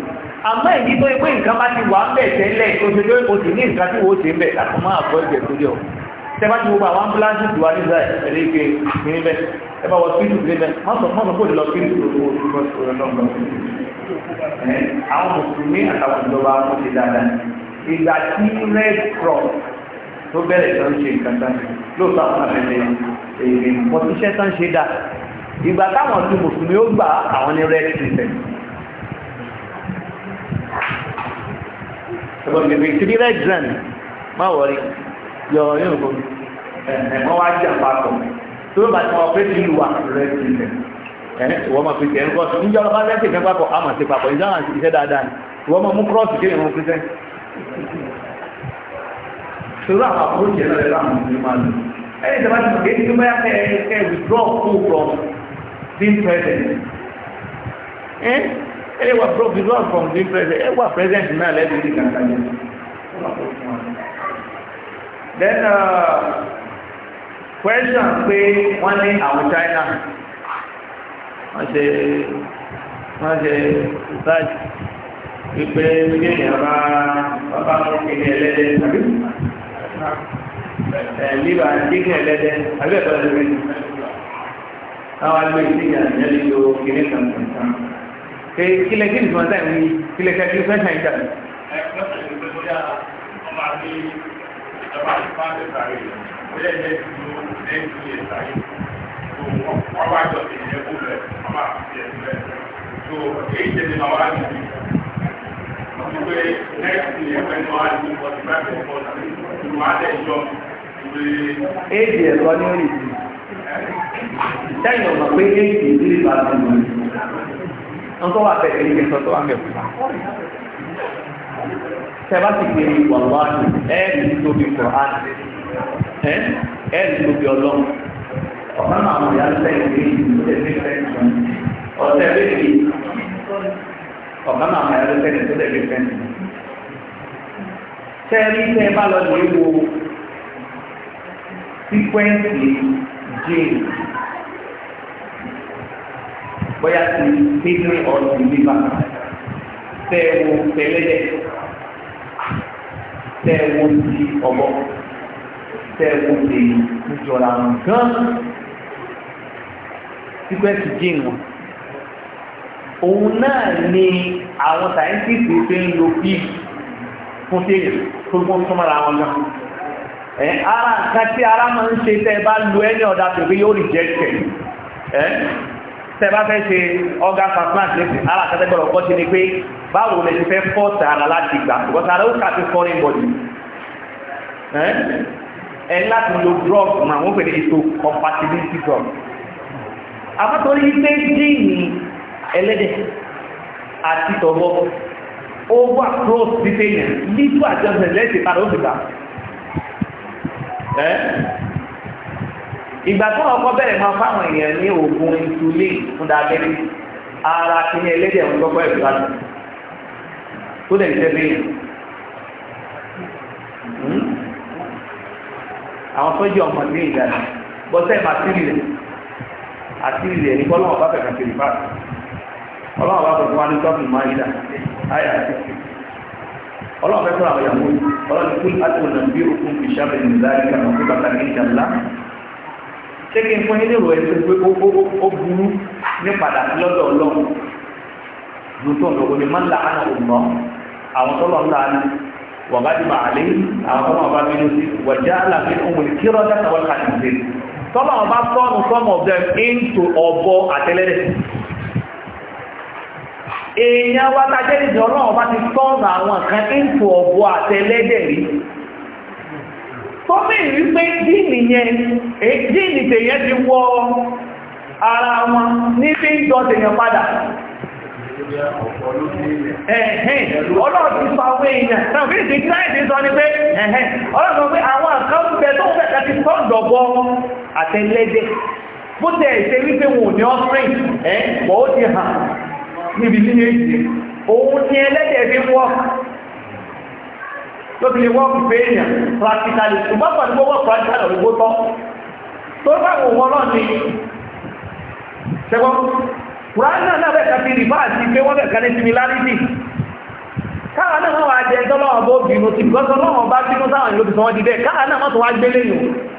àmọ́ èyí tó pé nǹkan bá ti wà ń bẹ̀ tẹ́lẹ̀ tó ṣe pé o sì ní nǹkan tí wo ṣe ń bẹ̀ láti máa àbọ̀ ẹ̀jẹ̀ tó jẹ́ ọ tẹ́bá ti gbogbo àwọn ambulance tó wà nígbà ẹ̀lẹ́ ike níbẹ̀ ẹ àwọn mùsùlùmí àtàwọn ìjọba wọn ti dáadáa ìgbà tí red cross tó bẹ̀rẹ̀ tó ń ṣe nǹkan tán lóòótọ́ àwọn àfẹ́fẹ́ èyí mọ̀ tí iṣẹ́ tán ṣe dá ìgbà táwọn ti mùsùlùmí ó gbà àwọn ní red crescent ẹgbọ́n mi fi three red zan má wọrí yọ yóò gbọ́ ẹ̀ẹ́dẹ́gbọ́n wá jà papọ̀ tó bá ti wọ́n pé kí lu wa red crescent wọ́n máa fi tẹ̀ ń kọ́sí níjọ́ ọlọ́pàá lẹ́sì ìfẹ́ papọ̀ a máa ṣe papọ̀ ìjọ́ àwọn iṣẹ́ dáadáa ni wọ́n máa mú kírọ́ọ̀sì kí èèyàn fi sẹ́yìn. sọ̀rọ̀ àwọn àpòròjì ẹ̀rọ ẹ̀rọ àwọn ìlú máa lò ẹni ìjọba ti mọ̀ kéjì tó bá withdraw full from being present ẹ withdraw present ẹ wà present náà lẹ́bi ní then uh, question pé wọ́n ní àwọn China wọ́n ṣe wọ́n ṣe ìsáàjì wípé bí èèyàn bá bábá mú kíní ẹlẹ́dẹ̀ tàbí ẹ̀líbà kíní ẹlẹ́dẹ̀ àbí ẹ̀kọ́ ẹ̀lẹ́dẹ̀ àwọn agbègbè tí ìyá ìyá lè lo kíní kan kan ṣe kílẹ̀ kí nìkan táì wí kílẹ̀ kí ẹ̀kí fẹ́ẹ́ ṣàyíká mi. Thank you wọ́n bá jọ sí ìyẹn kú bẹ̀ wọ́n bá fi ẹ̀ sílẹ̀ tó èyí tẹ̀lé náà wá ní ìwé nẹ́ẹ̀sì ẹ̀fẹ́ náà wá ní forty five to forty ìwà alẹ́ ìjọ ìwé. éèdì ẹ̀kọ́ ní orí ìlú sẹ́yìn ọ̀gbọ̀n pé éèdì ìdílé bá ti wù ú nǹkan wà bẹ̀rẹ̀ ní ìgbésọ̀ tó wà mẹ́fù tẹ́bá ti pè é wàlúwàlú ẹ̀ẹ́dì tó kọ̀ á ẹ̀ẹ́dì tó ọlọ́run ọ̀nà àwọn ìyá sẹ́yìn ní ìdílé ní fẹ́ǹsì ọ̀sẹ̀ bẹ́ẹ̀ ọ̀nà àwọn ìyá sẹ́yìn tó tẹ̀lé fẹ́ǹsì. tẹ́rí tẹ́ bá lọ lè wo síkwẹ́ǹsì jane bóyá ti bíbí ọ̀sìn bíbá tẹ́ wo síkẹ́ẹ̀tì gene wọn òun náà ni àwọn sáyẹ́ntìsì ṣe ń lo pig fún téèyàn tó gbọ́n tó mọ́ra wọn náà ẹ̀ ara nǹkan tí ara máa ń ṣe tẹ́ bá lo ẹni ọ̀dà pẹ̀lú yóò reject ẹ̀ tẹ́ bá fẹ́ ṣe organ transplant lẹ́sìn ara àtẹ́tẹ́gbọ̀rọ̀ kọ́ sí ni pé báwo lẹ ti fẹ́ force ara láti gbà because ara ó kà sí foreign body ẹ̀ ẹ̀ láti lo drug mà wọ́n pè ní histocompatibility drug àbátorí pé jíìnì ẹlẹ́dẹ̀ àti tọ̀bọ̀ ó wà cross britain nígbà àjọsẹ̀ lẹ́sìn padà òfìsà ẹ́ ìgbà tó ọkọ̀ bẹ̀rẹ̀ máa fáwọn èèyàn ní oògùn insulin fún dáadẹ́rì ara ti ní ẹlẹ́dẹ̀ ọ̀hún lọ́kọ̀ ẹ̀dùn láti tó lè jẹ́ bí hmm? àwọn tó jẹ́ ọmọ ní ìdájọ́ bọ́sẹ̀ máa sí àti ilẹ̀ ní kọ́lọ́ ọba fẹ̀kà sí ìfà ọlọ́wọ́ bá tọ̀tún wá ní tọ́pù máa yíra àyà àti ọlọ́wọ́ fẹ́ sọ́ra àwọ̀yàwó ọlọ́ni kú láti ọ̀nà bí òkun fi ṣàbẹ̀ nìláyé kàmá fún bàtà ní ìjà ńlá ṣé kí n fún yín lérò ẹni pé ó burú ní padà sí lọ́dọ̀ ọlọ́run ju tó ọ̀dọ̀ òní máa ń la àná òmùnà àwọn tó lọ́ọ́ ńlá ni wàgádìmọ̀ àlẹ́ àwọn tó máa tọ́lá ọba tọ́nù some of them into ọ̀bọ àtẹ́lẹ́dẹ̀ èèyàn wa ìjọ náà ọba ti tọ́nù àwọn kan into ọ̀bọ àtẹ́lẹ́dẹ̀ tọ́mí rí pé díìnì yẹn ara wọn ní fi ń jọ padà fa owó èèyàn tó fẹ́ àtẹlẹ́dẹ̀ bó tẹ̀ ẹ̀ṣẹ́ wípé wọn ò ní ọ́sìn ẹ̀ pọ̀ ó ti hàn níbi tí méjì òun ni ẹlẹ́dẹ̀ fi wọ́ ló fi lè wọ́ pípé èèyàn practically ṣùgbọ́n pàdé gbogbo practical òyìnbó tọ́ tó bá wò wọ́n lọ́ ni ṣẹ́gbọ́n kùránì náà náà bẹ̀ẹ̀ka fi rìbá àti pé wọ́n bẹ̀ẹ̀ka ní sí bíkọ́sọ́ lọ́wọ́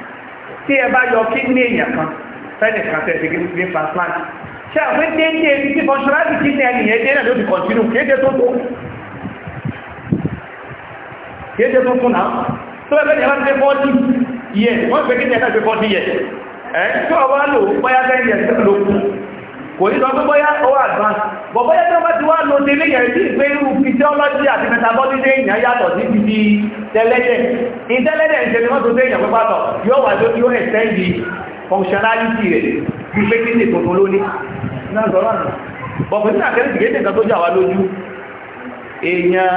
tí ẹ bá yọ kídínì èèyàn kan fẹ́ẹ̀nì kan tẹ̀ ṣègbè ní transplant ṣe àfẹ́ déédé ibi tí functionality kídínì ẹni yẹn dé náà ló ti continue kéde tó tó kéde tó tó náà tó ẹgbẹ́ ni ẹ bá ti dé fọ́ọ̀tì yẹ wọ́n fẹ́ kídínì ẹ náà ti fọ́ọ̀tì yẹ ẹ̀ tó ọwọ́ lò ó pẹ́yà fẹ́ẹ̀ni kò ní lọ́dún bóyá owó advance bọ̀ bóyá tí wọ́n bá ti wá lo ti níyẹn sí pé irú physiology àti metabolism èèyàn yàtọ̀ sí ti di tẹ́lẹ́dẹ̀ ìtẹ́lẹ́dẹ̀ ń ṣe ni wọ́n tó dé èèyàn pípa tọ̀ yóò wà ló yóò extend the functionality rẹ̀ bí pé kí ní tuntun lóní náà sọ̀rọ̀ àná bọ̀ pé sí àkẹ́rẹ́ ìgbésẹ̀ nǹkan tó jà wá lójú èèyàn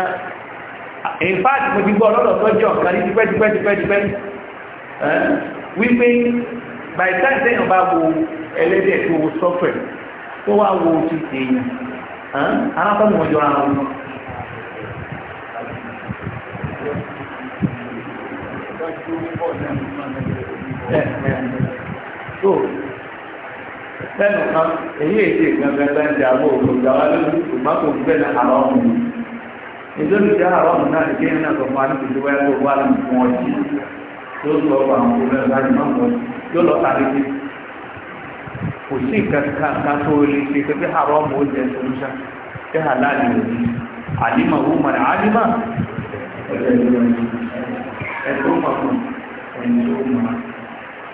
in fact mo ti gbọ́ lọ́dọ̀ sọ́jọ́ kárí by time tẹ́yàn bá wo ẹlẹ́dẹ̀ tó wo tó wá wo ojú èèyàn arákùnrin wọn jọra wọn. tó lẹ́nu kan èyí èdè gbẹgbẹgbẹ ń dà bó olùdá wa lórí ṣùgbọ́n kò gbẹ ní àrọ́ ọ̀hún nítorí tí àrọ́ ọ̀hún náà lè kéèyàn náà sọ fún wa ní kòtò wáyé tó wà lórí fún ọjì tó sọ fún àwọn yóò lọ sáré sí i. kò sí kankan kan tó lè ṣe pé pé àrọ́ mọ̀ ó jẹ́ solution pé àláàlì rẹ̀ ní àdìmọ̀ ó mọ̀ àdìmọ̀ ẹ̀rọ ẹ̀rọ ẹ̀rọ mọ̀ fún ẹni tó mọ̀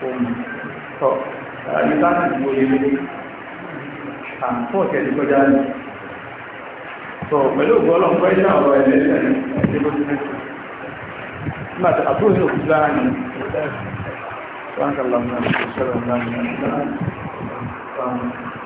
ó mọ̀ tọ́ ìgbà tí mo lè lè àpọ̀ tẹ̀lé kọjá lọ tọ́ pẹ̀lú ògbọ́lọ̀ ń pẹ́ náà ọ̀rọ̀ ẹ̀lẹ́sẹ̀ ẹ̀lẹ́sẹ̀ bó ti mẹ́sẹ̀ nígbà tí àbúrò ní òkú láàrin وأنت اللهم صل وسلم على Amém.